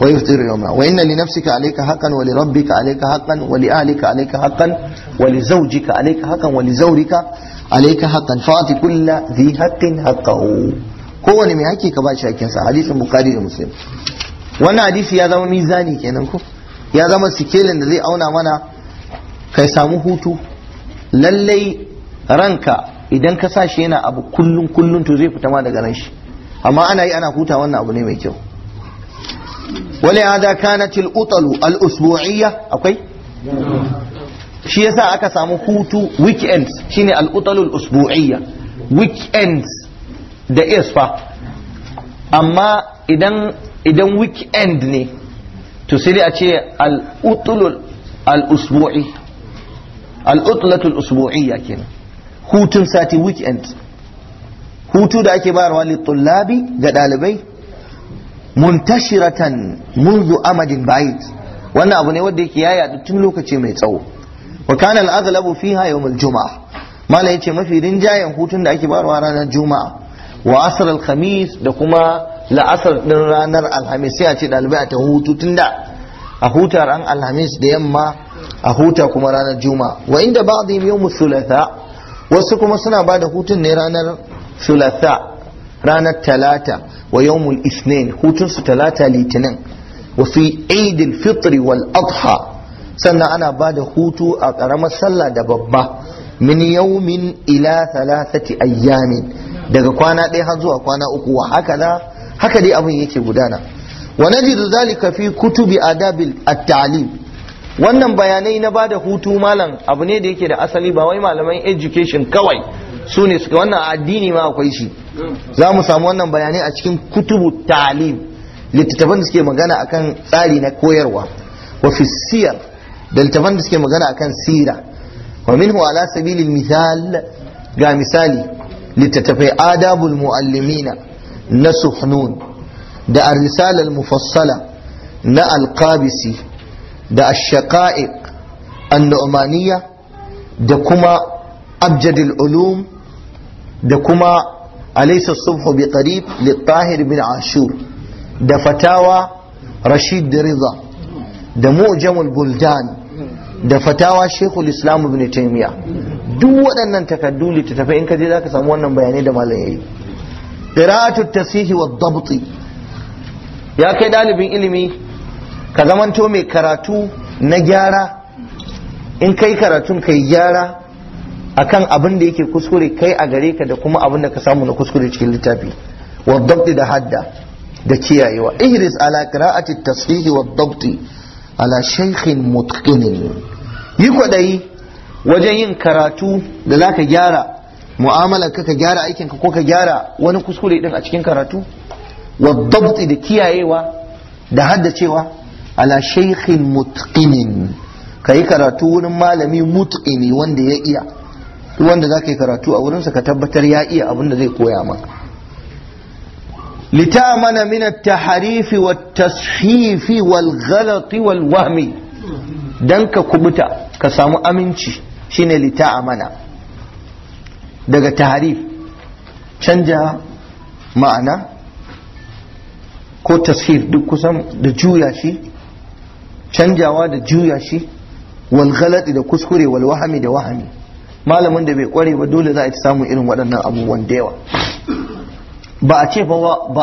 wa yuftir yauma wa inna li nafsika alayka haqqan wa li rabbika alayka haqqan wa li ahlika alayka haqqan wa li zawjika alayka haqqan wa li zawrika alayka haqqan fa'ati kullu dhi haqqin haqqahu kowane mai haƙƙi ka ba shi haƙƙinsa hadisin bukhari da muslim wannan hadisi ya zama mizani kenan ko ya zama sikelin da zai auna mana kai samu hutu lallai ranka idan ka shi yana abu kullun kullun to zai fita ma daga ran shi amma ana yi ana huta wannan abu ne mai kyau wale hada kanat al al-usbu'iyya akwai shi yasa aka samu hutu weekends shine al-utalu al-usbu'iyya weekends da isfa amma idan idan weekend ne to sai a ce al'utulul al'usbu'i al'utulatul usbu'iyya kenan hutun sati weekend hutu da ake bayarwa tullabi ga ɗalibai muntashiratan munzu amadin bayit wannan abu ne wanda yake ya yadu tun lokaci mai tsawo wa kana al'aghlabu fiha yawmul juma'a mala ce mafi rinjayen hutun da ake bayarwa ranar juma'a wa asr al-khamis da kuma la'asar ɗin ranar alhamis sai a ce ɗalibai a ta hutu tunda a huta ran alhamis da yamma a huta kuma ranar juma wa inda ba da yau sulata. wasu kuma suna ba da hutun ne ranar sulata. ranar talata wa yawmul isnin hutun su talata litinin wa fi idil fitri wal adha sannan ana ba da hutu a karamar sallah da babba min yawmin ila thalathati ayyamin daga kwana ɗaya har zuwa kwana uku wa haka haka dai abin yake gudana wa najidu zalika fi kutubi adabil at-ta'lim wannan bayanai na bada hutu malam abu ne da yake da asali ba wai malaman education kawai su ne suka wannan addini ma akwai shi za mu samu wannan bayanai a cikin kutubu ta'lim littattafan da suke magana akan tsari na koyarwa wa da littattafan da suke magana akan sira wa minhu ala sabilil misal ga misali littattafai adabul muallimina na suhnun da arisalar mufassala na alkabisi da ashaka'i annu'maniya da kuma abjadil ulum da kuma alaysa subhu bi qarib littahir bin ashur da fatawa rashid riza da mu'jamul buldan da fatawa shekul islam ibn taimiya duk waɗannan takaddu littattafai in ka je zaka samu wannan bayanai da malam yayi qira'atu tasihi wa dabti ya kai dalibin ilimi ka zamanto mai karatu na gyara in kai karatun kai gyara akan abin da yake kuskure kai a gare ka da kuma abin da ka samu na kuskure cikin littafi wa dabti da hadda da kiyayewa ihris ala qira'ati tasihi wa dabti ala shaykhin mutqinin yi kwadayi wajen yin karatu da zaka gyara mu'amalar ka ka gyara aikin ka ko ka gyara wani kuskure din a cikin karatu wa dabti da kiyayewa da haddacewa ala shaykhin mutqinin kai karatu wurin malami mutqini wanda ya iya duk wanda zaka yi karatu a wurinsa ka tabbatar ya iya abin da zai koya maka litamana min at-tahrif wat-tashhif wal-ghalat wal-wahm dan ka kubuta ka samu aminci shine litamana daga tarif canja ma'ana ko tasir duk kusan da juya shi canjawa da juya shi wal ghalati da kuskure wal wahami da wahami malamin da bai kware ba dole za a samu irin waɗannan abubuwan da yawa ba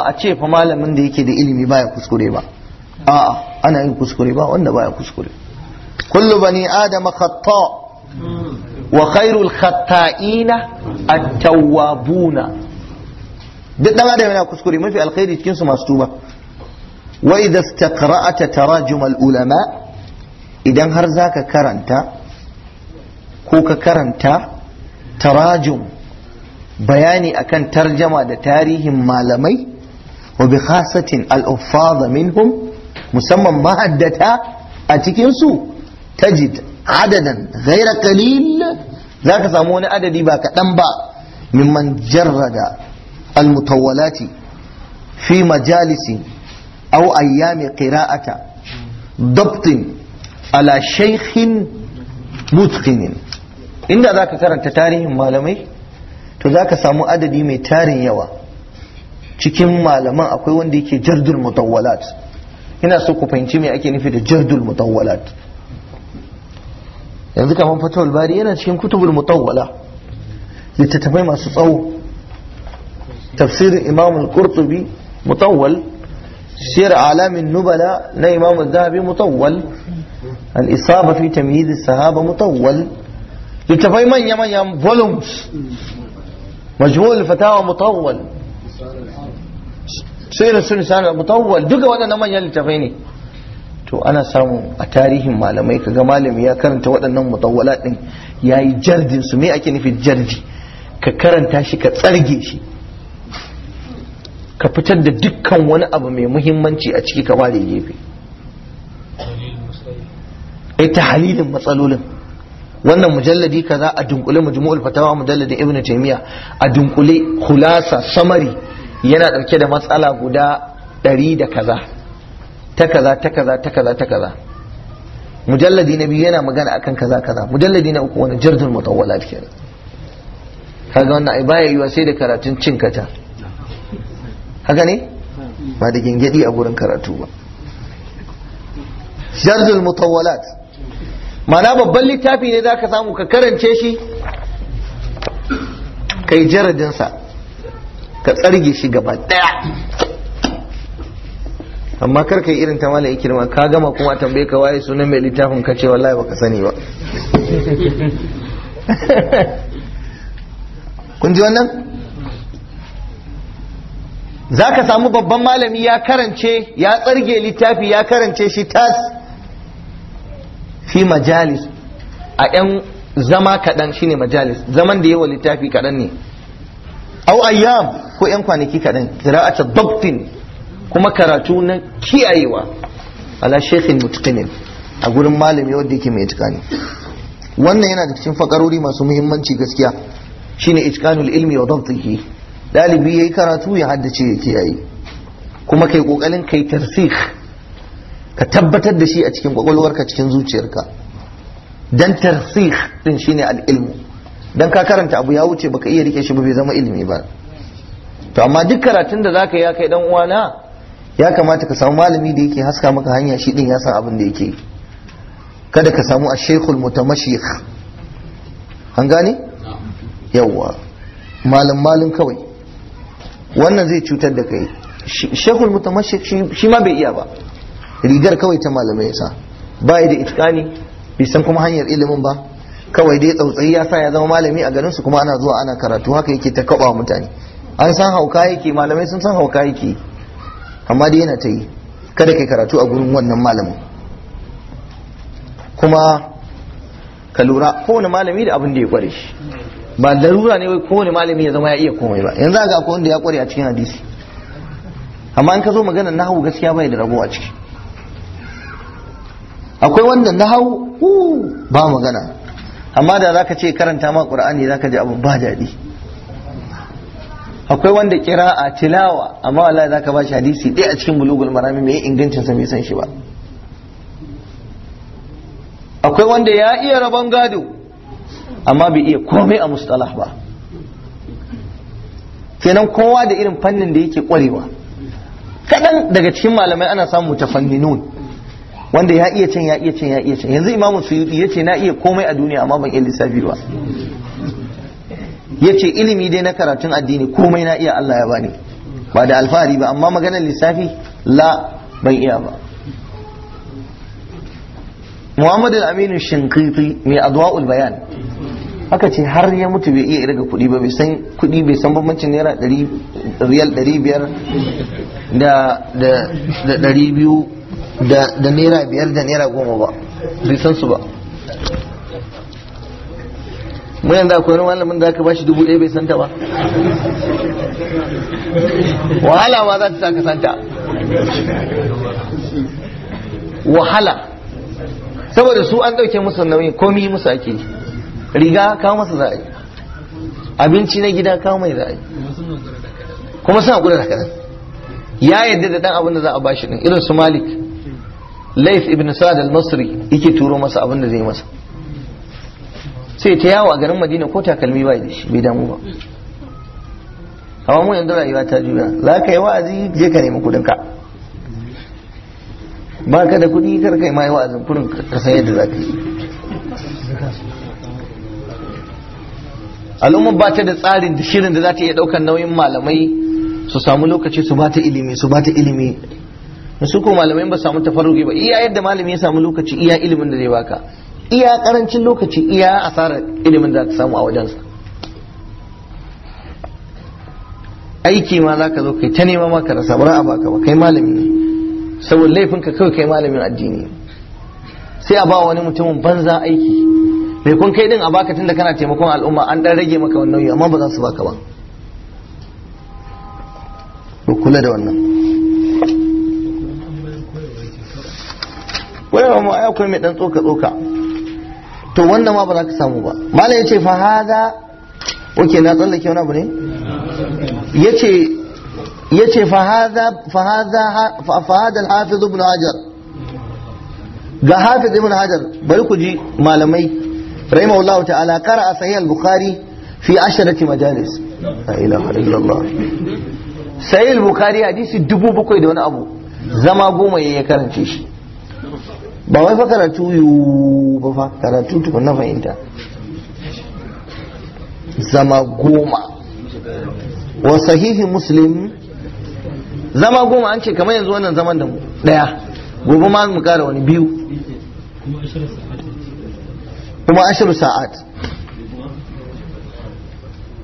a ce fa malamin da yake da ilimi baya kuskure ba a'a ana yin kuskure ba wanda baya kuskure kullu bani adama khata hmm. wa khairul khata'ina at-tawwabuna duk dan adam yana kuskure mafi alkhairi cikin su masu tuba wa idza istaqra'ata tarajum al-ulama idan har zaka karanta ko ka karanta tarajum bayani akan tarjama da tarihin malamai wa bi khasatin al-uffadha minhum musamman ma'addata a cikin su tajid adadan ghaira za ka samu wani adadi ba kaɗan ba mimman jarrada almutawwalati fi majalisi au ayyami qira'ata dabtin ala shaykhin mutqinin inda zaka karanta tarihin malamai to zaka samu adadi mai tarin yawa cikin malaman akwai wanda yake jardul mutawwalat ina so ku fahimci me ake nufi da jardul mutawwalat yanzu kamar fatawul bari yana cikin kutubul mutawwala littattafai masu tsawo tafsirin imam al-qurtubi mutawwal siyar alamin nubala na imam al-zahabi mutawwal al-isaba fi tamyiz sahaba mutawwal littattafai manya manya volumes majmu'ul fatawa mutawwal sai rasul sana mutawwal duka waɗannan manyan littattafai ne to ana samun a tarihin malamai kaga malami ya karanta waɗannan mutawwala ɗin ya yi jardin su me ake nufi jardi ka karanta shi ka tsarge shi ka fitar da dukkan wani abu mai muhimmanci a ciki ka ware gefe ai eh, ta halilin matsalolin wannan mujalladi kaza a dunkule majmu'ul fatawa mujalladin ibn taymiya a dunkule khulasa samari yana ɗauke da matsala guda ɗari da kaza ta kaza ta kaza ta kaza ta kaza mujalladi na biyu yana magana akan kaza kaza mujalladi na uku wani jardul ke. kenan kaga wannan ai baya yiwa sai da karatun cin kaca haka ne ba da gingedi a gurin karatu ba jardul mutawwalat mana babban littafi ne za ka samu ka karance shi kai sa. ka tsarge shi gaba daya amma kar kayi irin ta malai kirma ka gama kuma tambaye ka waye sunan mai littafin kace ce wallahi baka sani ba [LAUGHS] kun ji wannan za ka samu babban malami ya karance ya tsarge littafi ya karance shi tas fi majalis a 'yan zama kaɗan shine majalis zaman da yawa littafi kaɗan ne au ayyam ko 'yan kwanaki kaɗan kira'ata dabtin kuma karatu na kiyayewa ala shekhin mutukinin a gurin malami wanda yake mai itikani wannan yana da cikin fakarori masu muhimmanci gaskiya shine itqanul ilmi wa dabtihi dalibi yayi karatu ya haddace ya kiyaye kuma kai kokarin kai tarsikh ka tabbatar da shi a cikin kwakwalwarka cikin zuciyarka dan tarsikh din shine al al'ilmu. dan ka karanta abu ya wuce baka iya rike shi ba bai zama ilimi ba to amma duk karatun da zaka yi ya kai dan uwana ya kamata ka samu malami da yake haska maka hanya shi din ya san abin da yake kada ka samu ashekul mutamashikh an gane yawwa malam malam kawai wannan zai cutar da kai shekul mutamashikh shi ma bai iya ba rigar kawai ta malamai ya sa ba da itkani bai san kuma hanyar ilimin ba kawai dai tsautsayi ya sa ya zama malami a garin su kuma ana zuwa ana karatu haka yake ta kaba mutane an san hauka yake malamai sun san hauka yake amma dai yana ta yi kada kai karatu a gurin wannan malamin kuma ka lura kowane malami da abin da ya kware shi ba larura ne wai kowane malami ya zama ya iya komai ba yanzu ga akwai wanda ya kware a cikin hadisi amma in ka zo maganar nahawu gaskiya bai da rabo a ciki akwai wanda nahawu ba magana amma da zaka ce karanta ma qur'ani zaka ji abu ba daɗi akwai wanda kira a tilawa amma wallahi zaka ba shi hadisi ɗaya a cikin bulugul marami mai ingancin sa mai san shi ba akwai wanda ya iya rabon gado amma bai iya komai a mustalah ba kenan kowa da irin fannin da yake kwarewa kaɗan daga cikin malamai ana samu tafanninun wanda ya iya can ya iya can ya iya can yanzu imamu suyuti ya ce na iya komai a duniya amma ban iya lissafi ba ya ce ilimi dai na karatun addini komai na iya Allah ya bani ba da alfahari ba amma maganar lissafi la ban iya ba muhammadu aminu shinkiti mai adwa'ul bayan haka ce har ya mutu bai iya irga kuɗi ba bai san kuɗi bai san bambancin naira riyal ɗari biyar da ɗari biyu da naira biyar da naira goma ba bai san su ba mu yanzu akwai wani malamin da aka bashi dubu ɗaya bai santa ba wahala ma za ta sa ka santa wahala saboda su an ɗauke musu nauyi komi musu ake riga kawo masa za a yi abinci na gida kawo mai za a yi kuma suna gudu da kadan ya yadda da dan abin da za a bashi din irin su malik laif ibn sa'ad al-masri yake turo masa abin da zai masa sai ta yawo a garin madina ko takalmi bai da shi bai damu ba amma mu yanzu rayuwa ta juya za ka yi wa'azi je ka nemi kudin ka ba ka da kudi kar kai ma yi wa'azin kudin ka san yadda za ka yi al'ummar ba ta da tsarin da shirin da za ta iya daukan nauyin malamai su samu lokaci su ba ta ilimi su ba ta ilimi su ko malamai ba samu tafarruki ba iya yadda malami ya samu lokaci iya ilimin da zai baka iya karancin lokaci iya asarar ilimin da ta samu a wajensa aiki ma za ka zo kai ta nema maka rasa bura a baka ba kai malami ne saboda laifinka kawai kai malamin addini sai a ba wani mutumin banza aiki mai kun kai din a baka tun da kana taimakon al'umma an dan rage maka wannan amma ba za su baka ba kula da wannan wai ma kuma mai dan tsoka tsoka to wannan ma ba za ka samu ba malam ya ce fa haza oke na tsallake wani abu ne ya ce fa haza hafiz ibn hajar ga hafiz ibn hajar bari ku ji malamai rahimahullahu ta'ala kara a sahih al-bukhari fi asharati majalis la ilaha illallah sahih al-bukhari hadisi dubu bakwai da wani abu zama goma ya karance shi ba wai fa karatu yu ba fa karatu tu na fahimta zama goma wa sahihi muslim zama goma an ce kamar yanzu wannan zaman da mu daya gobe ma mu kara wani biyu kuma ashiru sa'at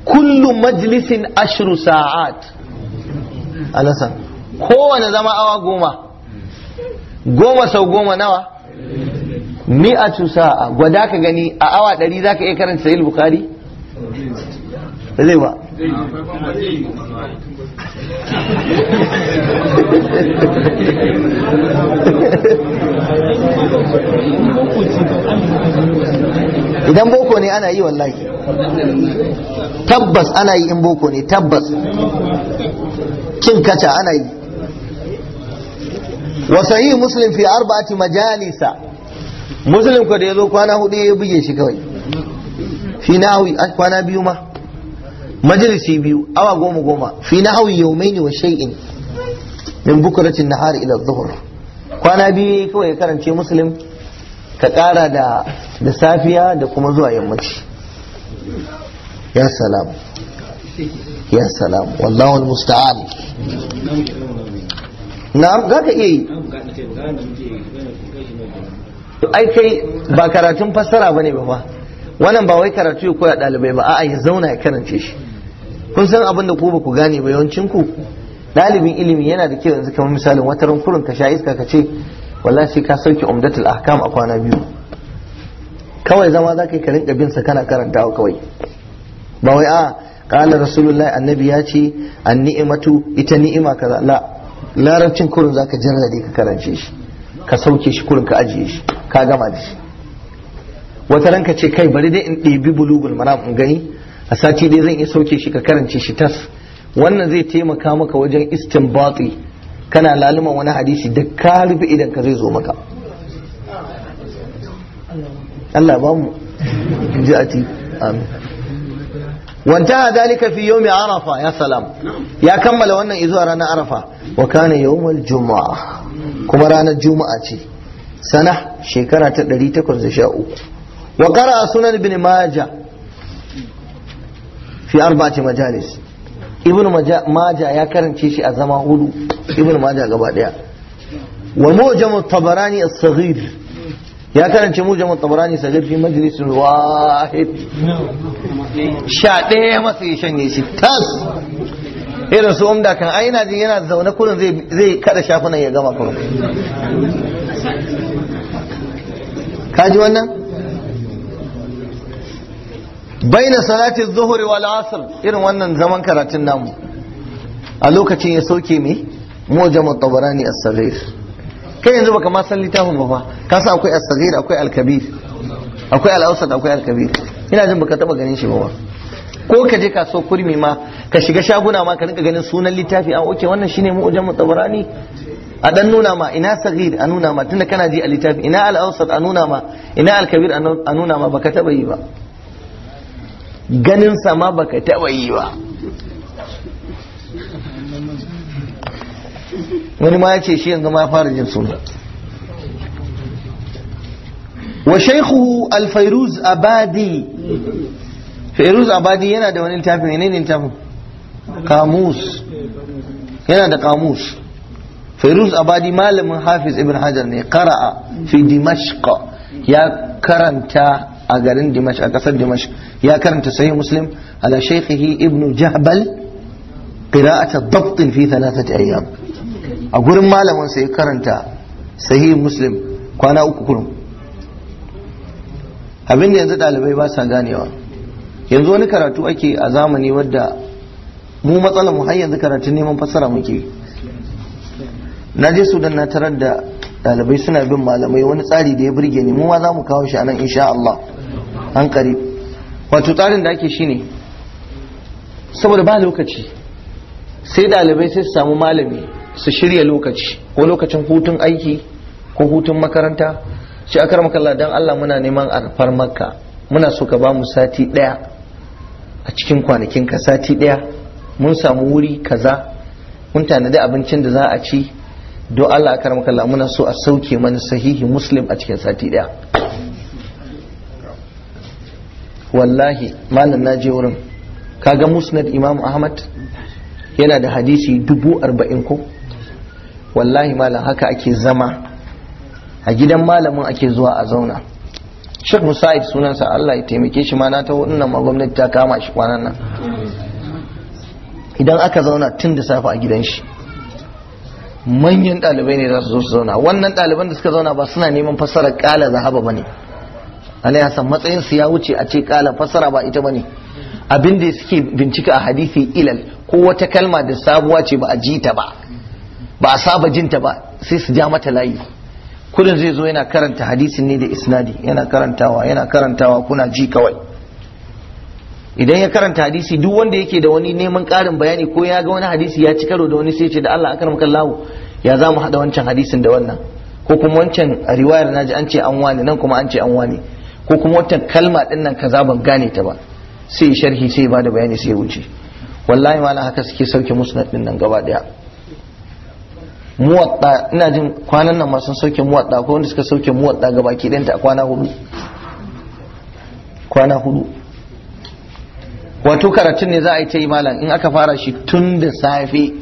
kullu majlisin ashiru sa'at alasan kowane zama awa goma goma sau goma nawa mi'atu sa'a gwada ka gani a awa ɗari za ka iya karanta sahih bukari zai ba idan boko ne ana yi wallahi tabbas ana yi in boko ne tabbas kin kaca ana yi wa sahih muslim fi arba'ati majalisa muslim ko da yazo kwana hudu ya buge shi kawai fi nahwi kwana biyu ma majalisi biyu awa goma goma fi nahwi yawmaini wa shay'in min bukratin nahar ila adh-dhuhr kwana biyu kawai karance muslim ka kara da da safiya da kuma zuwa yammaci ya salam ya salam wallahu al-musta'an na'am za ka iya yi ai kai ba karatun fassara ba ne ba wannan ba wai karatu ya koya ɗalibai ba a'a ya zauna ya karance shi kun san abin da ku ba ku gane ba yawancin ku ɗalibin ilimi yana da kyau yanzu kamar misalin wata rankurin ka sha iska ka ce wallahi sai ka sauke umdatul ahkam a kwana biyu kawai zama za ka yi ka rinka sa kana karantawa kawai ba wai a'a qala rasulullahi annabi ya ce an ni'imatu ita ni'ima kaza la larabcin kurin zaka jarrade ka karance shi ka sauke shi kurin ka ajiye shi ka gama da shi wata ranka ce kai bari dai in ɗebi bulugul maram in gani a sati dai zan iya sauke shi ka karance shi tas wannan zai taimaka maka wajen istinbati kana laluma wani hadisi da ka rufe idan ka zai zo maka Allah ba mu ji وانتهى ذلك في يوم عرفة يا سلام يا كمل وانا إذو رانا عرفة وكان يوم الجمعة كما رانا الجمعة سنة شكرة تدري تكرز شاء وقرأ سنن ابن ماجة في أربعة مجالس ابن ماجة يا كرن تشيشي أزما هدو ابن ماجة قبل ومعجم الطبراني الصغير ya mu mujam tabarani sagir fi majalisun wahid sha ɗaya masu yi shanye shi tas irin su umda kan ai jin yana zaune kurin zai kada shafunan ya gama kurin kaji wannan baina salati zuhuri wal asr irin wannan zaman karatun namu a lokacin ya soke mai mujam tabarani as-sagir kai yanzu baka ma san littafin ba fa ka san akwai as-saghir akwai al-kabir akwai al-awsat akwai al-kabir ina jin baka taba ganin shi ba ko ka je kaso kurmi ma ka shiga shaguna ma ka rinka ganin sunan littafi a ah, oke wannan shine mu ujan mutabarani a dan nuna ma ina saghir a nuna ma tunda kana ji a littafi ina al-awsat a nuna ma ina al-kabir a nuna ma baka taba yi ba ganin sa ma baka taba yi ba wani ma ya ce shi yanzu ma ya fara jin sunna wa shaykhuhu al-fayruz abadi fayruz abadi yana da wani littafi menene littafin kamus yana da kamus fayruz abadi malamin hafiz ibn hajar ne qara'a fi dimashq ya karanta a garin dimashq a kasar dimashq ya karanta sahih muslim ala shaykhihi ibn jahbal qira'at ad-dabt fi thalathati ayyam a gurin malamin ya karanta sahih muslim kwana uku kurum abin da yanzu dalibai ba sa ganewa yanzu wani karatu ake a zamani wadda mu matsalar mu har yanzu karatun neman fassara muke na je sudan na tarar da dalibai suna bin malamai wani tsari da ya burge ni mu ma za mu kawo shi anan nan insha Allah an kare wato tsarin da ake shine saboda ba lokaci sai dalibai sai su samu malami su shirya lokaci ko lokacin hutun aiki ko hutun makaranta shi akar makalla don Allah muna neman alfar maka muna so ka ba mu sati ɗaya a cikin kwanakin ka sati ɗaya mun samu wuri kaza mun da abincin da za a ci don Allah akar makalla muna so a sauke mana sahihi muslim a cikin sati ɗaya wallahi malam na je wurin kaga musnad imam ahmad yana da hadisi dubu arba'in ko wallahi malam haka ake zama a gidan malamin ake zuwa a zauna Sheikh Musa'id sunansa Allah ya taimake shi mana ta wadanda ma gwamnati ta kama shi kwanan nan idan aka zauna tun da safe a gidan shi manyan ɗalibai ne za su zo su zauna wannan ɗaliban da suka zauna ba suna neman fassara ƙala zahaba ba ne ana yasa matsayin su ya wuce a ce ƙala fassara ba ita ba ne abin da suke bincika a hadisi ilal ko wata kalma da sabuwa ce ba a ji ta ba ba a saba jinta ba sai su ja mata layi kudin zai zo yana karanta hadisin ne da isnadi yana karantawa yana karantawa kuna ji kawai idan ya karanta hadisi duk wanda yake da wani neman karin bayani ko ya ga wani hadisi ya ci karo da wani sai ce da Allah kan kallahu ya za mu hada wancan hadisin da wannan ko kuma wancan riwayar naji an ce an wani nan kuma an ce an wani ko kuma wancan kalma din nan kaza ban gane ta ba sai sharhi sai ba da bayani sai wuce wallahi ma haka suke sauke musnad din nan gaba daya muwatta ina jin kwanan nan masu sauke muwatta ko wanda suka sauke muwatta ga baki ɗanta a kwana hudu kwana hudu wato karatun ne za a yi ta yi malam in aka fara shi tun da safe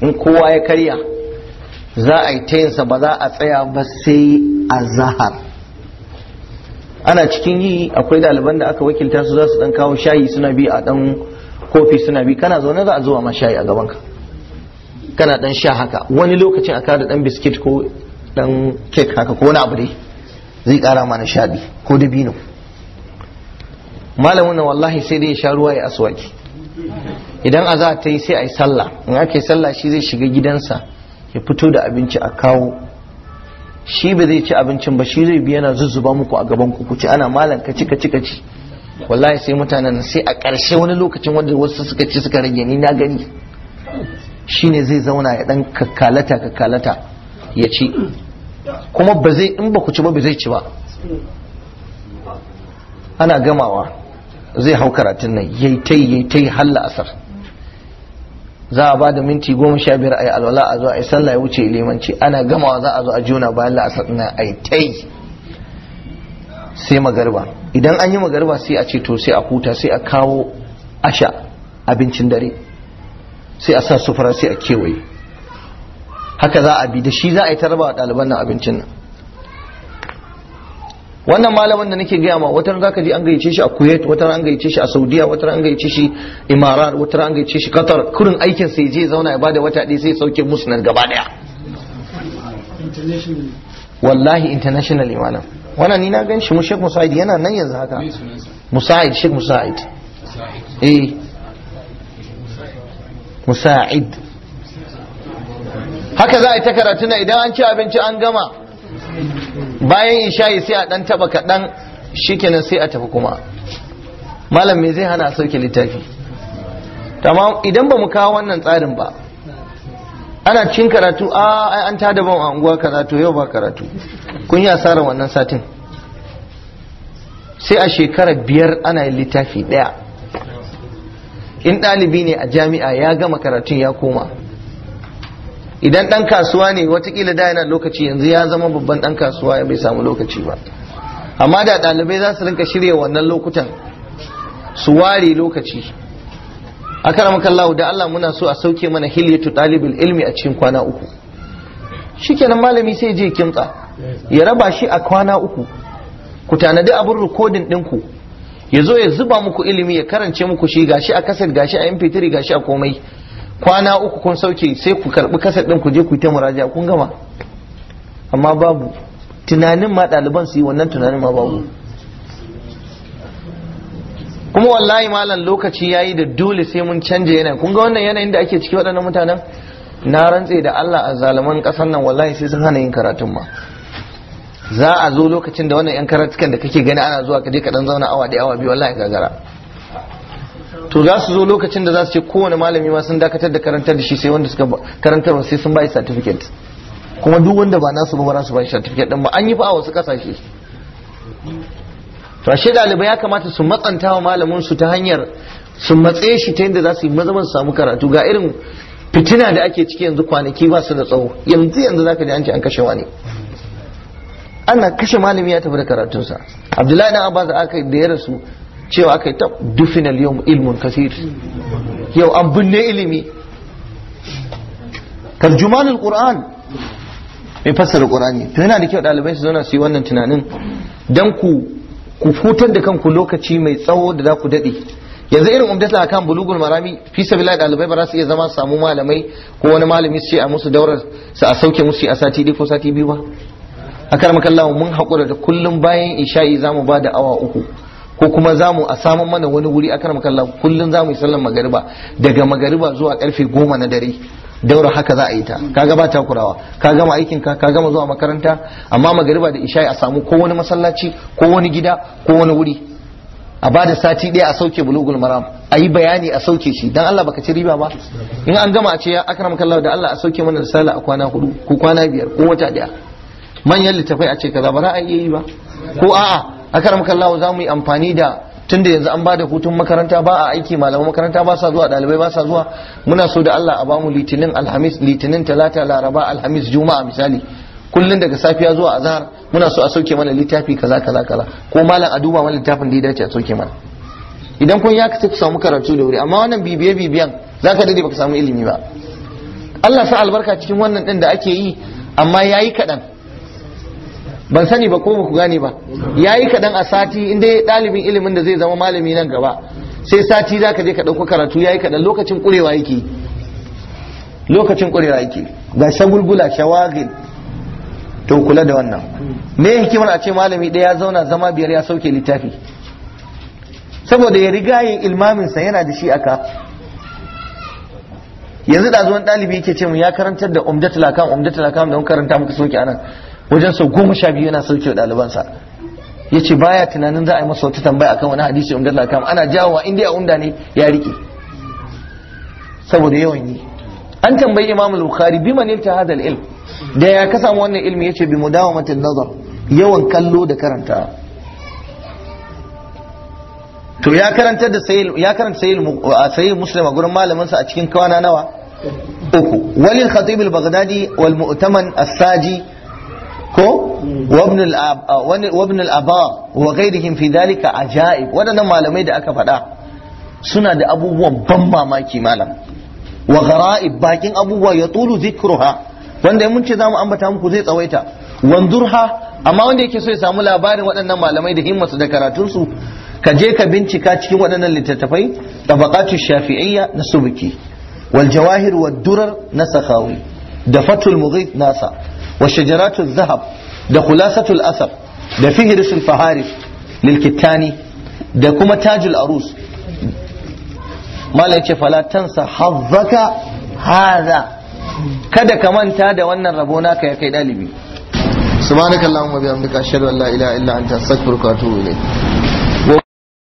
in kowa ya karya za a yi ta yinsa ba za a tsaya ba sai a zahar ana cikin yi akwai ɗaliban da aka wakilta su za su ɗan kawo shayi suna bi a ɗan kofi suna bi kana zaune za a zuwa ma shayi a gabanka kana dan sha haka wani lokacin a da dan biskit ko dan kek haka ko wani abu dai zai kara ma shaɗi ko dabino malamin nan wallahi sai dai ya sha ruwa ya aswaki idan a za ta yi sai a yi sallah in aka yi sallah shi zai shiga gidansa ya fito da abinci a kawo shi ba zai ci abincin ba shi zai bi yana zuzzuba muku a gaban ku kuci ana malan kaci kaci kaci wallahi sai mutanen sai a ƙarshe wani lokacin wanda wasu suka ci suka rage ni na gani shine zai zauna ya dan kakkalata kakkalata ya ci kuma ba zai in ba ku ci ba ba zai ci ba ana gamawa zai hau karatun nan yayi tai yayi tai halla asar za a ba minti goma sha biyar a yi alwala a zo a yi sallah ya wuce limanci ana gamawa za a zo a juna bayan la'asar na a yi tai sai magarba idan an yi magarba sai a ce to sai a huta sai a kawo asha abincin dare sai a sa sufura sai a kewaye haka za a bi da shi za a yi tarba a ɗaliban nan abincin nan wannan malamin da nake gaya ma wata za ka ji an gayyace shi a kuwait wata an gayyace shi a saudiya wata an gayyace shi imarar wata an gayyace shi qatar kurin aikin sai je zauna ya bada wata ɗaya sai sauke musu nan gaba ɗaya wallahi international malam wannan ni na gan shi mu Sheikh Musaid yana nan yanzu haka Musaid Sheikh Musaid eh musa'id haka za a yi ta karatuna idan an ci abinci an gama bayan isha'i sai a dan taba kaɗan kenan sai a tafi kuma malam me zai hana a sauke littafi tamam idan ba mu kawo wannan tsarin ba ana cin karatu a ai an tada ban anguwa karatu yau ba karatu kun yi asarar wannan satin sai a shekara biyar ana yin littafi ɗaya in ɗalibi ne a jami'a ya gama karatun ya koma idan ɗan kasuwa ne watakila da yana lokaci yanzu ya zama babban ɗan kasuwa ya bai samu lokaci ba amma da ɗalibai za su rinka shirya wannan lokutan su ware lokaci a karamakallahu da Allah muna so a sauke mana hilyatu ɗalibin ilmi a cikin kwana uku shi kenan malami sai je kimtsa ya raba shi a kwana uku ku tanadi abin rikodin ɗinku ya zo ya zuba muku ilimi ya karance muku shi gashi a kaset gashi a mp3 gashi a komai kwana uku kun sauke sai ku karbi kaset din ku je ku yi ta muraja kun gama amma babu tunanin ma ɗaliban su yi wannan tunanin ma babu kuma wallahi malam lokaci yayi da dole sai mun canja yanayin kun ga wannan yanayin da ake ciki waɗannan mutanen na rantse da Allah a zalaman ƙasar nan wallahi sai sun hana yin karatun ma za a zo lokacin da wannan yan karatukan da kake gani ana zuwa kaje je zauna awa ɗaya awa biyu wallahi gagara to za su zo lokacin da za su ce kowane malami ma sun dakatar da karantar da shi sai wanda suka karantar sai sun bai certificate kuma duk wanda ba nasu ba ba su bai certificate din ba an yi fa a wasu kasashe to ashe dalibai ya kamata su matsanta wa malamin su ta hanyar su matse shi ta yadda za su yi mazaman su samu karatu ga irin fitina da ake ciki yanzu kwanaki ba su da tsawo yanzu yanzu zaka ji an ce an kashe wani ne ana kashe malami ya tafi da karatunsa abdullahi na Abaza aka da ya rasu cewa aka yi ta dufinal yau ilmun kasir yau an binne ilimi tarjumanin ƙura'an mai fassara ƙura'an ne yana da kyau ɗalibai su zauna su yi wannan tunanin dan ku ku da kanku lokaci mai tsawo da za ku daɗe yanzu irin umdata akan bulugul marami fi sabilillah ɗalibai ba za su iya zama samu malamai ko wani malami su ce a musu daurar su a sauke musu a sati ɗaya ko sati biyu ba akar makallawa mun haƙura da kullum bayan isha'i za mu ba da awa uku ko kuma za mu a samun mana wani wuri a makallawa kullum za mu yi sallan magariba daga magariba zuwa karfe goma na dare daura haka za a yi ta ka gaba takurawa ka gama aikinka ka gama zuwa makaranta amma magariba da isha'i a samu ko wani masallaci ko wani gida ko wani wuri a ba da sati ɗaya a sauke bulugul maram a yi bayani a sauke shi dan Allah baka ci riba ba in an gama a ce ya akram kallahu da Allah a sauke mana risala a kwana hudu ko kwana biyar ko wata daya. manyan littafai a ce kaza ba za a iya yi ba ko a'a a karam kallawa za mu yi amfani da tunda yanzu an bada hutun makaranta ba a aiki malaman makaranta ba sa zuwa dalibai ba sa zuwa muna so da Allah a bamu litinin alhamis litinin talata laraba alhamis juma'a misali kullun daga safiya zuwa azhar muna so a sauke mana littafi kaza kaza kaza ko malam a duba mana littafin da ya dace a sauke mana idan kun ya kace ku samu karatu da wuri amma wannan bibiye bibiyan zaka dade baka samu ilimi ba Allah sa albarka cikin wannan din da ake yi amma yayi kadan ban sani ba ko ku gane ba yayi kaɗan a sati inda ɗalibin ilimin da zai zama malami nan gaba sai sati za ka je ka ɗauko karatu yayi kaɗan lokacin ƙurewa yake lokacin ƙurewa yake ga shagulgula shawagil to kula da wannan me hikimar a ce malami ɗaya ya zauna zama biyar ya sauke littafi saboda ya riga yin sa yana da shi aka yanzu da zuwan ɗalibi yake ce mu ya karantar da umdatul akam umdatul akam da mun karanta muka soke anan wajen sau goma sha biyu yana sauke wa ɗalibansa ya ce baya tunanin za a yi masa wata tambaya akan wani hadisi da kama. ana jawo inda ya umda ne ya rike saboda yawan yi an tambayi imam al-bukhari bima ne ta hadal ilm da ya ka samu wannan ilmi yace bi mudawamatin nazar yawan kallo da karanta to ya karanta da sayyid ya karanta sayyid muslim a gurin malamin sa a cikin kawana nawa uku walil khatib al-baghdadi wal mu'taman as-saji ko uh, wabnul aba wa ghairihim fi dalika ajaib waɗannan malamai da aka faɗa suna da abubuwan ban mamaki malam wa gara'ib bakin abubuwa ya tulu zikruha wanda mun ce zamu ambata muku zai tsawaita wandurha amma wanda yake so ya samu labarin waɗannan malamai da himmasu da karatunsu ka je ka bincika cikin waɗannan littattafai tabaqatu shafi'iyya na subki wal jawahir wad durar na sakhawi da fatul mughith nasa wa shajaratu zahab da khulasatul asab da fihrisul faharis lilkittani da kuma tajul arus mala yace fala tansa kada ka manta da wannan rabo naka ya kai dalibi subhanakallahumma bihamdika ashhadu an la ilaha illa anta astaghfiruka wa atubu ilayk